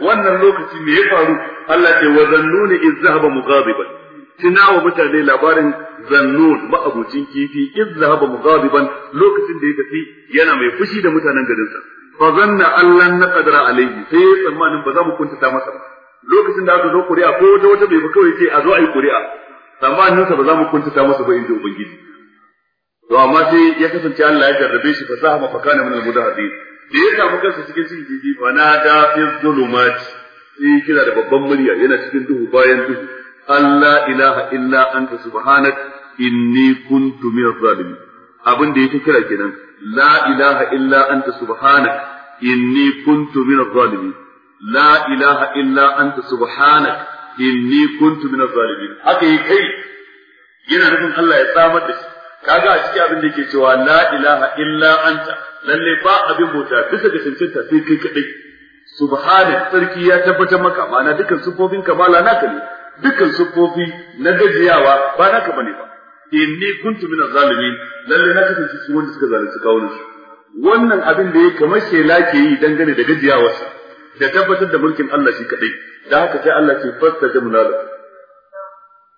wannan lokaci me ya faru Allah ce wa zannuni iz zahaba mughadiban tuna wa mutane labarin zannun ma'abucin kifi in zahaba mughadiban lokacin da ya tafi yana mai fushi da mutanen garinsa fa zanna allan na naqdara alayhi sai tsammanin ba za mu kuntata masa ba lokacin da aka zo kuri'a ko wata wata bai kawai ce a zo ayi kuri'a tsammanin sa ba za mu kuntata masa ba inda ubangiji to amma sai ya kasance Allah ya jarrabe shi fa sahama fa kana min al-mudahdin da ya samu kansa cikin cikin kifi fa na da fi zulumat sai kira da babban murya yana cikin duhu bayan duhu la ilaha illa anta subhanak inni kuntu minaz zalimin abin da yake kira kenan la ilaha illa anta subhanak inni kuntu minaz zalimin la ilaha illa anta subhanak inni kuntu minaz zalimin haka yi kai yana nufin Allah ya tsamar da shi kaga a cikin abin da yake cewa la ilaha illa anta lalle ba abin bauta bisa ga cancanta sai kai kadai subhanak sarki ya tabbatar maka ma'ana dukkan sufofin kamala naka ne dukkan sufofi na gajiyawa ba naka bane ba inni kuntu min zalimin lalle na kasance cikin wanda suka zalunci kawunan su wannan abin da yake kamar shela ke yi dangane da gajiyawarsa da tabbatar da mulkin Allah shi kadai da haka sai Allah ce fastajabna lahu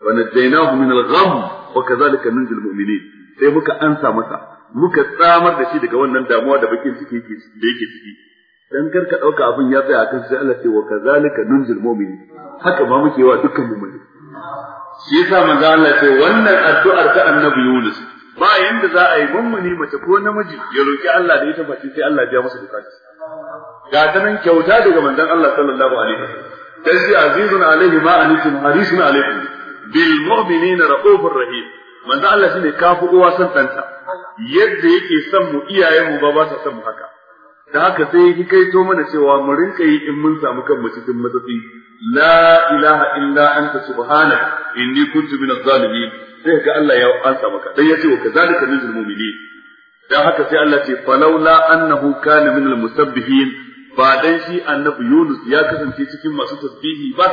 wa nadainahu min al-gham wa kadhalika nunjil mu'minin sai muka ansa masa muka tsamar da shi daga wannan damuwa da bakin ciki da yake ciki dan karka dauka abin ya tsaya akan sai Allah ce wa kadhalika nunjil mu'minin haka ba muke wa dukkan mu ne shi yasa manzo Allah ce wannan addu'ar ta annabi Yunus ba yanda za a yi mummuni mace ko namiji ya roki Allah da ita face sai Allah ya masa dukaci. ga ta nan kyauta daga manzon Allah sallallahu alaihi wasallam dan azizun alaihi ma anitum harisun alaihi bil mu'minin raufur rahim manzo Allah shine kafu uwa san tanta yadda yake son mu iyayen mu ba ba sa son mu haka da haka sai hikaito mana cewa mu rinka yi in mun samu kan cikin matsatsi la ilaha illa anta سبحانك inni كنت من الظالمين sai ga Allah ya ansa maka dai yace wa kazalika minal dan haka sai Allah ce laula annahu kana minal musabbihin ba dan shi annabi Yunus ya kasance cikin masu tasbihi ba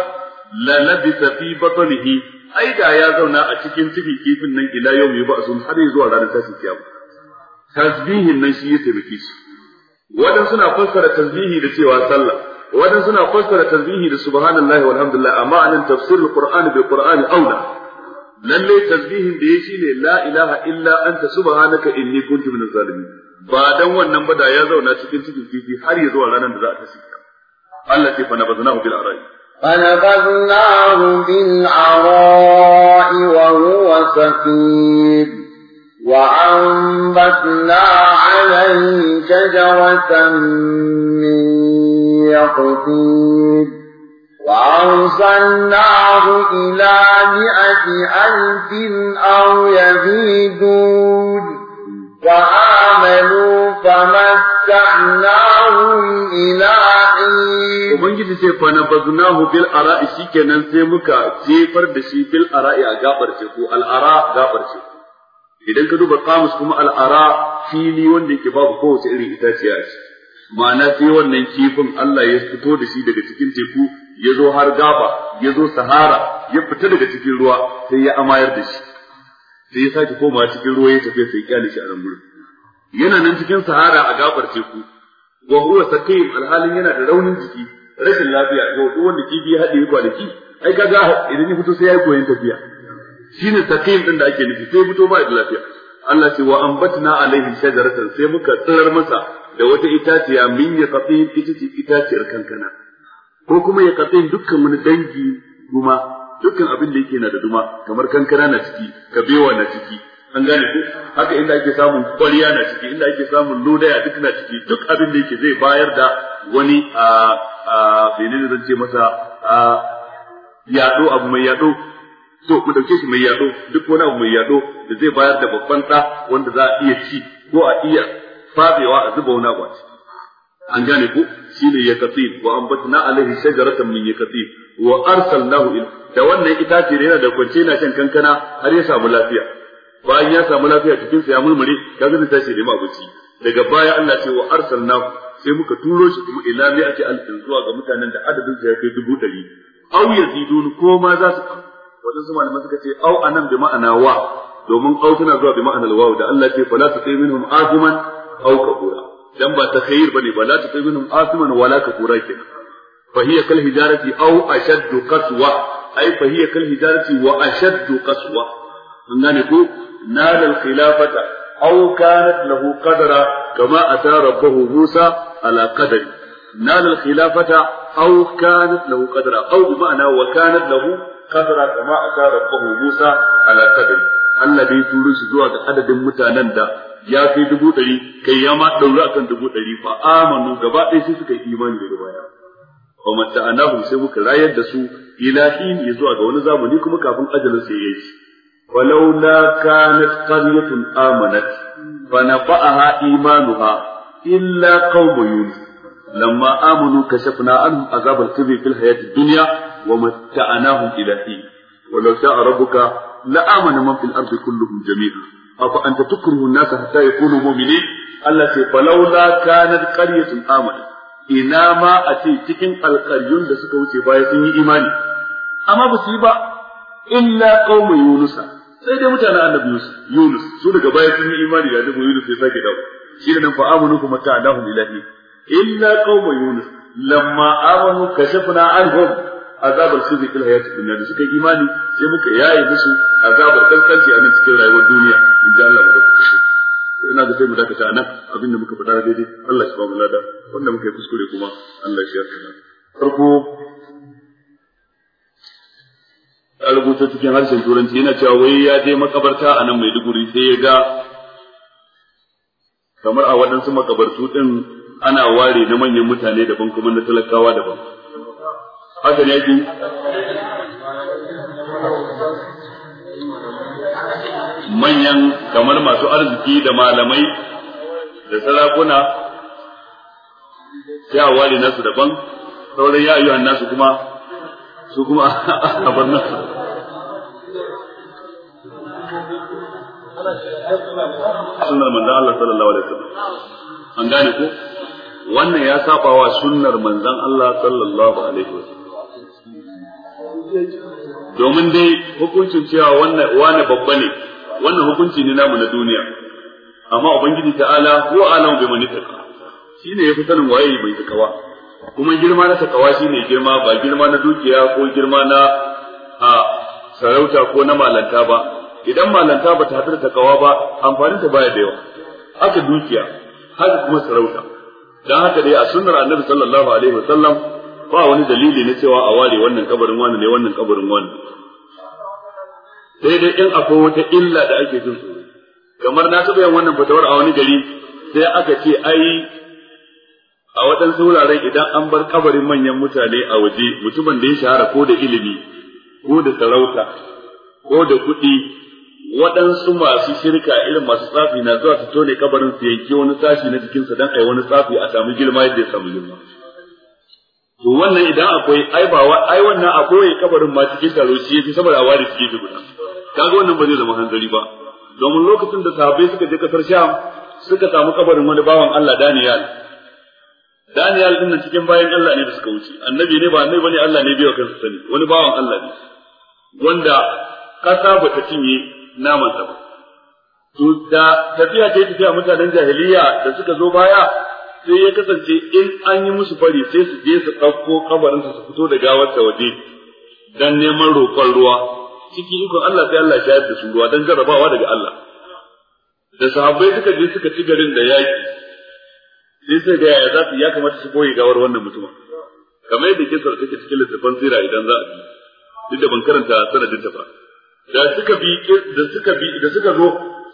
la labisa fi batnihi ai da ya zauna a cikin cikin kifin nan ila yau ya sun har zuwa ranar tashin kiyama tasbihin nan shi ya biki wadansu wadan suna fassara tasbihi da cewa sallah wadan suna fassara tasbihi da subhanallahi walhamdulillah amma anan tafsirul qur'ani bil qur'ani aula lalle tasbihin da yake ne la ilaha illa anta subhanaka inni kuntu minaz zalimin ba dan wannan ba da ya zauna cikin cikin kifi har ya zuwa ranar da za a tashi Allah ce fa nabaznahu bil arai فنبذناه بالعراء وهو سقيم وأنبتنا عليه شجرة من يقتيد وأرسلناه إلى مئة ألف أو يزيدون فآمنوا فمتعناهم إلى حين Ubangiji sai fa na bazunahu bil ara'i shikenan sai muka jefar da shi bil ara'i a gabar teku al ara gabar teku idan ka duba kamus kuma al ara fili wanda yake babu kowace irin itaciya a ma'ana sai wannan kifin Allah ya fito da shi daga cikin teku ya zo har gaba ya zo sahara ya fita daga cikin ruwa sai ya amayar da shi sai ya sake komawa cikin ruwa ya tafi sai kyale shi a nan gurin yana nan cikin sahara a gabar teku wa huwa saqim alhalin yana da raunin jiki rashin lafiya ga duk wanda kifi ya hade ki ai kaga idan ya fito sai ya koyi tafiya shine saqim din da ake nufi sai fito ba da lafiya Allah ce wa ambatna alaihi shajaratan sai muka tsirar masa da wata itaciya min ya katsin ita ce itaciyar kankana ko kuma ya katsin dukkan wani dangi duma dukkan abin da yake na da duma kamar kankana na ciki kabewa na ciki an gane ku haka inda ake samun kwaliya na ciki inda ake samun lodaya duk na ciki duk abin da yake zai bayar da wani a a menene zan ce masa a yado abu mai yado to mu dauke shi mai yado duk wani abu mai yado da zai bayar da babban da wanda za a iya ci ko a iya fadewa a zuba wani abu a ciki an gane ku ya katsi wa na alaihi shajaratan min katsi wa nahu il da wannan itace yana da kwance yana shan kankana har ya samu lafiya bayan ya samu lafiya cikinsa ya murmure kaga zai shi da mabuci daga baya Allah ce wa nahu sai muka turo shi kuma ila mi ake alfin zuwa ga mutanen da adadin su ya kai dubu ɗari au yazidun ko ma za su wajen su malamai suka ce au anan bi ma'ana wa domin au tana zuwa bi ma'anar waw da Allah ce fala tuti minhum aziman aw kafura dan ba takhayyir bane ba la tusibunhum asiman wala kafura kenan fa hiya kal hijarati aw ashaddu qaswa ay fa hiya kal hijarati wa ashaddu qaswa mun gane ko nal musa ala qadri nal al khilafata aw kanat lahu qadra aw bi ma'na wa musa Allah zuwa ga adadin mutanen da ya kai dubu ɗari kai ya maɗauri ɗaura kan dubu ɗari fa amanu gaba ɗaya sai suka yi imani da baya fa mata anahu sai muka rayar da su ila ya zuwa ga wani zamani kuma kafin ajalin sai yayi fa laula kanat qaryatun amanat fa nafa'aha imanuha illa qaum yunus lamma amanu kashafna anhum azab al-kubri fil hayati ad-dunya wa mata'anahum ila hin wa law sha'a rabbuka la man fil ardi kulluhum jami'an afa anta tukrihu an-nasa hatta yakunu mu'minin Allah sai falawla kanat qaryatun amana. ina ma a ce cikin alƙaryun da suka wuce baya sun yi imani amma ba su yi ba illa qaumu yunusa sai dai mutanen annabi yunus su daga baya sun yi imani da annabi yunus ya sake dawo shi ne nan fa amanu kuma ta ta'alahum lillahi illa qaumu yunus lamma amanu kashafna anhum azabar su khizi kila hayatu dunya da suka imani sai muka yaye musu azabar kankanci a nan cikin rayuwar duniya in ji Allah da ina ga sai mu dakata anan abinda muka faɗa daidai Allah shi ba mu lada wanda muka yi kuskure kuma Allah shi ya tsara farko a rubuta cikin harshen turanci yana cewa wai ya je makabarta a nan Maiduguri sai ya ga kamar a waɗansu makabartu ɗin ana ware na manyan mutane daban kuma na talakawa daban haka ne bi manyan kamar masu arziki da malamai da sarakuna sai a ware nasu daban sauran ya ayyuhan nasu kuma su kuma a bar nasu sunnar Manzan Allah sallallahu alaihi wasallam an gane ko wannan ya saba wa sunnar Allah sallallahu alaihi wasallam domin dai hukuncin cewa wannan wani babba ne wannan hukunci ne namu na duniya amma ubangiji ta'ala ko alamu mani taka shine yafi sanin waye bai kawa. kuma girma na takawa shine girma ba girma na dukiya ko girma na a sarauta ko na malanta ba idan malanta ba ta hadar takawa ba amfanin ta baya da yawa haka dukiya haka kuma sarauta dan haka dai a sunnar annabi sallallahu alaihi wasallam ba wani dalili na cewa a ware wannan kabarin wani ne wannan kabarin wani Daidai dai in akwai wata illa da ake jin su. kamar na taɓa yin wannan fatawar a wani gari sai aka ce ai a waɗansu wuraren idan an bar kabarin manyan mutane a waje mutumin da ya shahara ko da ilimi ko da sarauta ko da kuɗi waɗansu masu shirka irin masu tsafi na zuwa su tone kabarin su yanki wani sashi na jikinsa don a yi wani tsafi a sami girma yadda ya samu girma to wannan idan akwai ai ba ai wannan akwai kabarin ma cikin taro shi yafi saboda a ware cikin guda kaga wannan ba zai zama hanzari ba domin lokacin da sahabbai suka je kasar Sham suka samu kabarin wani bawan Allah Daniel Daniel din cikin bayan Allah ne da suka wuce annabi ne ba annabi bane Allah ne biyo kansa sani wani bawan Allah ne wanda kasa ta cinye naman sa ba to da tafiya ce tafiya mutanen jahiliya da suka zo baya sai ya kasance in an yi musu fari sai su je su ɗauko kabarinsa su fito da gawar ta waje don neman roƙon ruwa ciki ikon Allah sai Allah shayar da su ruwa don jarrabawa daga Allah da sahabbai suka je suka ci garin da yaƙi. sai sai ga yaya za su ya kamata su koyi gawar wannan mutumin kamar yadda sauka take cikin littafin zira idan za a bi duk da ban karanta sanadin ta ba da suka bi da suka bi da suka zo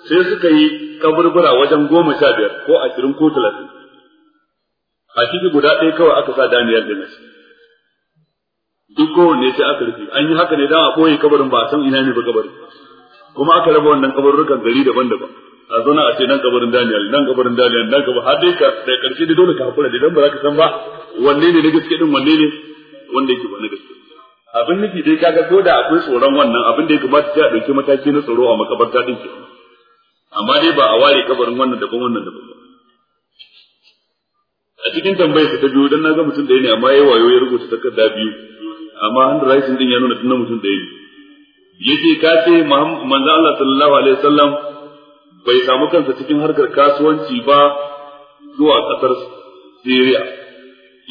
sai suka yi kaburbura wajen goma sha biyar ko ashirin ko talatin a ciki guda ɗaya kawai aka sa daniyar da nasi duk kowanne sai aka rufe an yi haka ne dan a ɓoye kabarin ba a san ina ne ba kabarin kuma aka raba wannan kabarurrukan gari daban-daban a zauna a ce nan kabarin daniyal nan kabarin daniyal nan kabarin har dai ka da karshe da dole ka hakura da dan ba za ka san ba wanne ne na gaske din wanne ne wanda yake ba na gaske abin nufi dai kaga ko da akwai tsoron wannan abin da ya kamata sai a ɗauki mataki na tsaro a makabarta din ke amma dai ba a ware kabarin wannan daban wannan daban ba a cikin tambayarsa ta biyu dan ga mutum ɗaya ne amma yayi wayo ya rubuta takarda biyu amma rashin din ya nuna tunan mutum ɗaya ne yace ka ce manzo Allah sallallahu alaihi wasallam bai samu kansa cikin harkar kasuwanci ba zuwa kasar Syria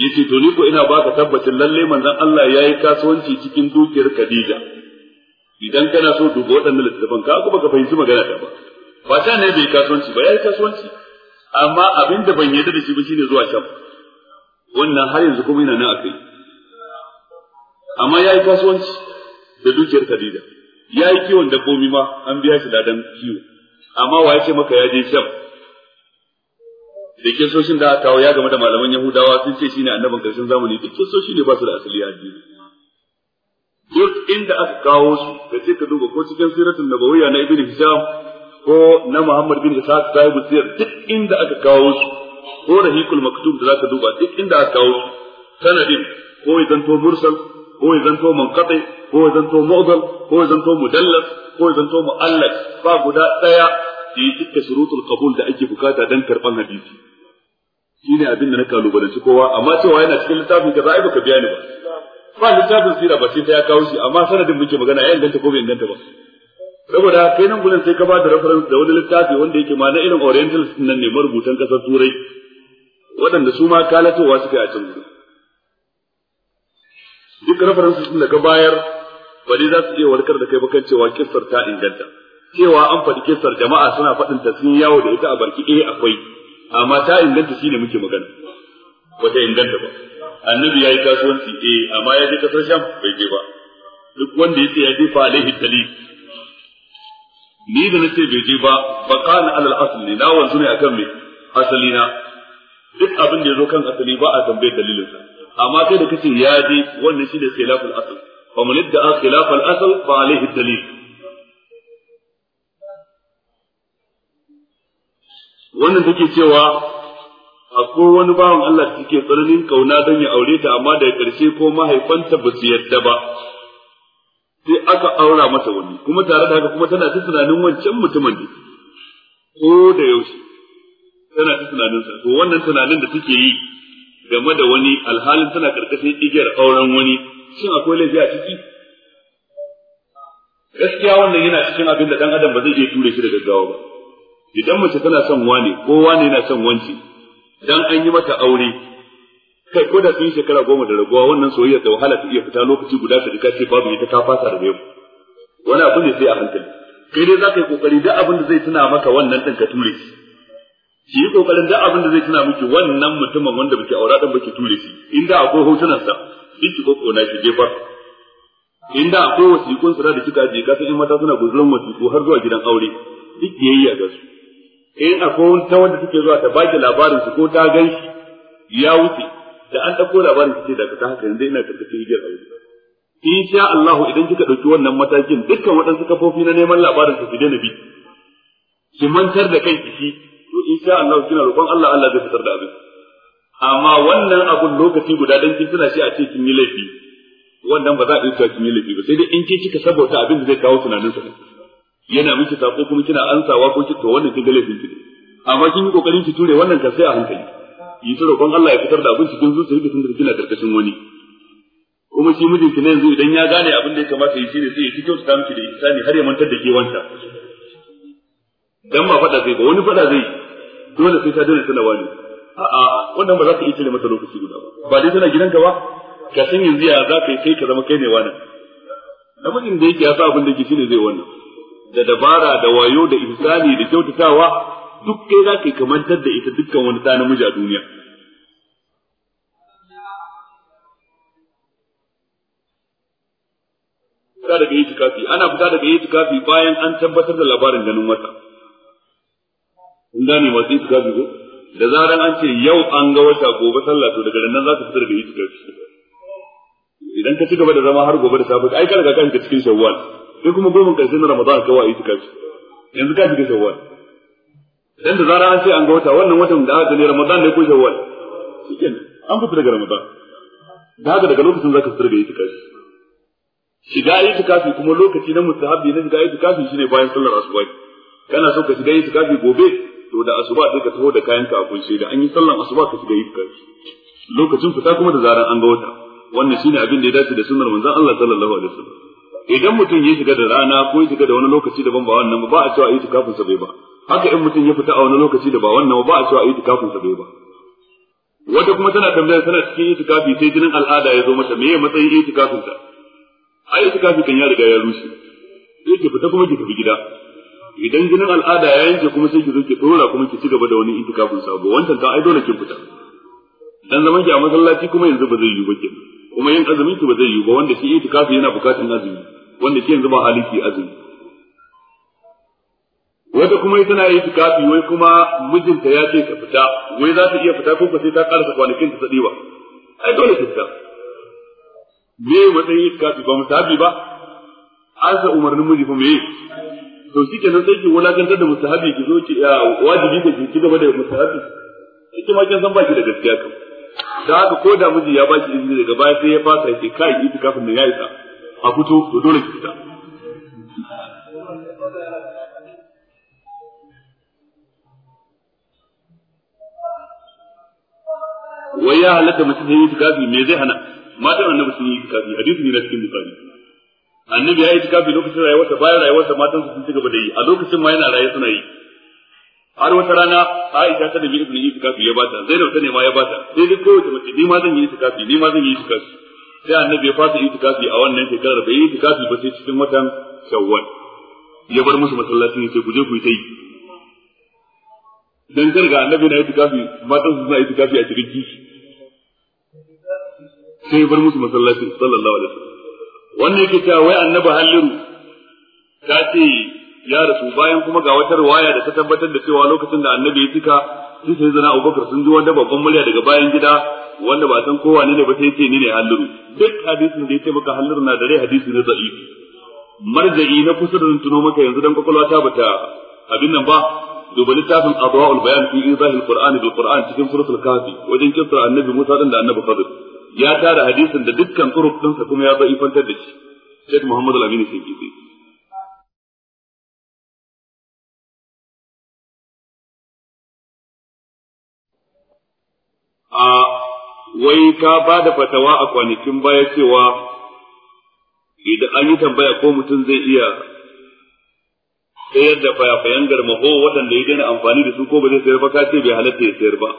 yace to ni ko ina baka tabbacin lalle manzon Allah yayi kasuwanci cikin dukiyar Khadija idan kana so duba waɗannan littattafan, ka kuma ka fahimci magana ta ba ba ta ne bai kasuwanci ba yayi kasuwanci amma abin da ban yarda da shi ba shine zuwa shaf wannan har yanzu kuma yana nan akai amma yayi kasuwanci da dukiyar Khadija yayi kiwon dabbobi ma an biya shi ladan kiwo amma wa ce maka ya je sham da kisoshin da aka kawo ya game da malaman Yahudawa sun ce shine annabin karshen zamani duk kisoshi ne ba su da asali addini duk inda aka kawo su ka ce ka duba ko cikin siratul nabawiyya na ibnu hisham ko na Muhammad bin ta yi musiyar duk inda aka kawo su ko hikul maktub da zaka duba duk inda aka kawo su sanadin ko ya zanto mursal ko ya zanto manqati ko ya zanto mu'dal ko ya zanto mudallas ko ya zanto mu'allaq ba guda daya da yi dukkan shurutul qabul da ake bukata dan karban hadisi shine abin da na kalubalanci kowa amma cewa yana cikin littafin kaza za'i baka biya ni ba ba littafin sira ba sai ta ya kawo shi amma sanadin muke magana ya inganta ko bai inganta ba saboda kai nan gurin sai ka ba da reference da wani littafi wanda yake ma na irin oriental nan ne marubutan kasar turai waɗanda su ma kalatowa suka yi a can gurin duk reference sun da ka bayar ba dai za su iya warkar da kai bakan cewa kissar ta inganta cewa an faɗi kissar jama'a suna faɗin ta sun yawo da ita a barki eh akwai amma ta inganta shi ne muke magana wata inganta ba annabi ya yi kasuwanci eh amma ya je kasar sham bai je ba duk wanda ya ce ya je fa alaihi dalil ni da nace bai je ba ba kana alal asli na wanzu ne akan me asali na duk abin da yazo kan asali ba a tambaye dalilin sa amma sai da kace ya je wannan shi da khilaful asl fa man idda khilaful asl fa alaihi dalil wannan take cewa akwai wani bawan Allah da take tsananin kauna don ya aure ta amma da ƙarshe ko mahaifanta ba su yadda ba sai aka aura mata wani kuma tare da haka kuma tana ta tunanin wancan mutumin ne ko da yaushe tana ta tunanin sa to wannan tunanin da take yi game da wani alhalin tana karkashin igiyar auren wani shin akwai laifi a ciki gaskiya wannan yana cikin abin da dan adam ba zai iya ture shi da gaggawa ba idan mace tana son wani ko wani yana son wanci dan an yi mata aure kai ko da sun shekara goma da raguwa wannan soyayya da wahala ta iya fita lokaci guda ta ji ce babu ita ka fasa da yau wani abu ne sai a hankali kai dai za ka yi kokari duk abin da zai tuna maka wannan ɗin ka ture shi shi yi kokarin duk abin da zai tuna miki wannan mutumin wanda baki aura ɗin baki ture shi inda akwai hotunansa duk ki na shi jefar inda akwai wasiƙun sura da kika je kasan in mata suna guzurin wasiƙu har zuwa gidan aure duk biyayya ga su in akwai wani ta wanda take zuwa ta baki labarin su ko ta gan shi ya wuce da an ɗauko labarin ce da ta haka yanzu ina karkashin igiyar In sha Allah idan kika ɗauki wannan matakin dukkan waɗansu kafofi na neman labarin ka fi daina bi ki mantar da kai shi to sha Allah kina roƙon Allah Allah zai fitar da abin amma wannan abun lokaci guda dan kin tana shi a ce kin yi laifi wannan ba za a iya kin yi laifi ba sai dai in kin kika saboda abin da zai kawo tunanin sa yana miki sako kuma kina ansawa ko kika wannan kin ga laifin ki amma kin yi kokarin ki ture wannan ka sai a hankali yi ta roƙon Allah ya fitar da abin cikin zuciya da tunda kina karkashin wani kuma shi mijin ki ne yanzu idan ya gane abin da ya kamata yi shine sai ya cikin ta miki da ihsani har ya mantar da ke wanta dan ba fada zai ba wani fada zai dole sai ta dole tana wani a'a wannan ba za ka iya cire mata lokaci guda ba ba dai tana gidanka ba ka san yanzu ya za ka yi kai ka zama kai ne wannan namijin da yake ya sa abin da yake shine zai wannan da dabara da wayo da ihsani da kyautatawa duk kai za ka kamantar da ita dukkan wani ɗa namiji a duniya fita daga ana fita daga yi tukafi bayan an tabbatar da labarin ganin wata kun gane masu tukafi ko da zaran an ce yau an ga wata gobe sallah to daga nan za ka fita daga tukafi. idan ka ci gaba da zama har gobe da safe ai ka riga kanka cikin shawwal sai kuma goma karshen ramadan kawai tukafi. yanzu ka shiga shawwal dan da zara an ce an ga wata wannan watan da aka ne Ramadan ne ko Shawwal shikin an fita daga Ramadan da haka daga lokacin zaka fitar da itikafi shiga itikafi kuma lokaci na mustahabi na shiga itikafi shine bayan sallar asuba kana so ka shiga itikafi gobe to da asuba sai ka taho da kayan ka a shi da an yi sallar asuba ka shiga itikafi lokacin fita kuma da zara an ga wata wannan shine abin da ya dace da sunnar manzon Allah sallallahu alaihi wasallam idan mutum ya shiga da rana ko ya shiga da wani lokaci daban ba wannan ba a cewa itikafin sa bai ba haka in mutum ya fita a wani lokaci da ba wannan ba a cewa yi tukafin sa bai ba wata kuma tana tambaya tana cikin yi tukafi sai jinin al'ada ya zo mata me ya matsayin sa A yi tukafi kan ya riga ya rushe sai ki fita kuma ki tafi gida idan jinin al'ada ya yanke kuma sai ki zo ki dora kuma ki ci gaba da wani yi sa sabo wancan ta ai dole ki fita dan zaman ki a masallaci kuma yanzu ba zai yi ba kin kuma yin azumin ki ba zai yi ba wanda shi yi tukafi yana bukatun azumi wanda ke yanzu ba haliki azumi wata kuma tana yi tukafi wai kuma mijinta ya ce ka fita wai za ta iya fita ko ka sai ta karasa kwanakin ta sadewa ai dole ta fita me matsayin tukafi ba musahabi ba an sa umarnin miji fa meye to shikenan sai ki wulakantar da musahabi ki zo ki wajibi ki ki gaba da musahabi ki ma kin san baki da gaskiya kan da haka ko da miji ya baki izini daga baya sai ya fasa yake kai tukafin da ya isa a fito to dole ki fita wai ya halatta mace ta yi itikafi me zai hana matan annabi sun yi itikafi hadisi ne na cikin bukari annabi ya yi itikafi lokacin rayuwarsa bayan rayuwarsa matan su sun ci gaba da yi a lokacin ma yana raye suna yi har wata rana Aisha ta da ibn itikafi ya bata Zainab ta ne ma ya bata sai dai kowace mace ni ma zan yi itikafi ni ma zan yi itikafi sai annabi ya fasa itikafi a wannan shekarar bai yi itikafi ba sai cikin watan Shawwal ya bar musu masallaci sai guje ku yi ta yi dan karga annabi na yi tukafi matan su suna yi tukafi a cikin kishi sai bar musu masallaci sallallahu alaihi wasallam wannan yake cewa wai annabi halliru ta ce ya rasu bayan kuma ga wata riwaya da ta tabbatar da cewa lokacin da annabi ya cika shi sai zana abubakar sun ji wanda babban murya daga bayan gida wanda ba san kowa ne ba sai ce ni ne halliru duk hadisin da ya ce maka halliru na da rai hadisi na za'i. marja'i na kusurin tuno maka yanzu dan kwakwalwa ta bata abin nan ba duba littafin adwa'ul bayan fi izahil qur'an bil qur'an cikin suratul kafi wajen kissar annabi Musa din da annabi Khidir ya tara hadisin da dukkan turuq dinsa kuma ya bai fantar da shi Sheikh Muhammad Al-Amin Shinkiti a wai ka ba da fatawa a kwanakin baya cewa idan an yi tambaya ko mutum zai iya sayar da fayafayan garmako waɗanda ya daina amfani da su ko ba zai sayar ba ka ce bai halatta ya sayar ba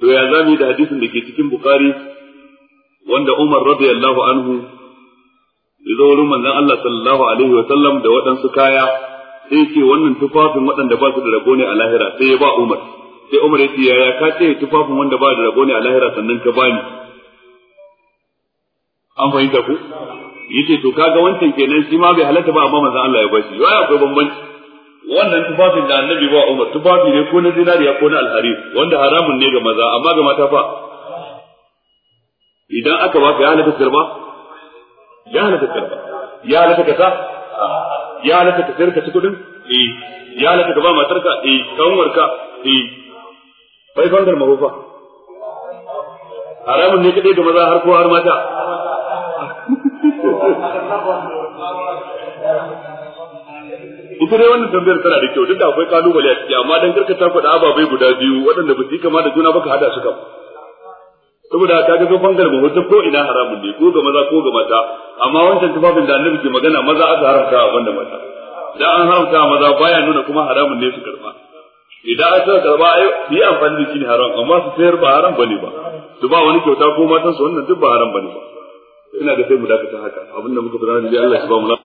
to ya zamu yi da hadisin da ke cikin bukari wanda umar radiyallahu anhu ya zo wurin manzon Allah sallallahu alaihi wa sallam da waɗansu kaya sai ce wannan tufafin waɗanda ba su da rago ne a lahira sai ya ba umar sai umar ya ce yaya ka ce tufafin wanda ba da rago ne a lahira sannan ka bani an fahimta ku yace to kaga wancan kenan shi ma bai halatta ba amma manzon Allah ya bashi wai akwai bambanci wannan tufafin da annabi ba Umar tufafi ne ko na zinariya ko na alhari wanda haramun ne ga maza amma ga mata fa idan aka ba ka ya halatta karba ya halatta karba ya halatta ka ya halatta ka sayar ci kudin eh ya halatta ka ba matarka eh kanwarka eh bai bangar mahufa haramun ne kadai ga maza har ko har mata ita dai wannan tambayar tana da kyau duk da akwai kalubale a ciki amma dan karkata faɗa ababai guda biyu waɗanda ba su yi kama da juna ba ka hada su kam saboda ta ga tufan garba wata ko ina haramun ne ko ga maza ko ga mata amma wancan tufafin da annabi ke magana maza aka haramta a wanda mata idan an haramta maza baya nuna kuma haramun ne su karba idan an suka karba yi amfani da shi ne haram amma su sayar ba haram bane ba su ba wani kyauta ko matan su wannan duk ba haram bane ba ina da sai mu dakata haka abinda muka fara ne Allah ya ba mu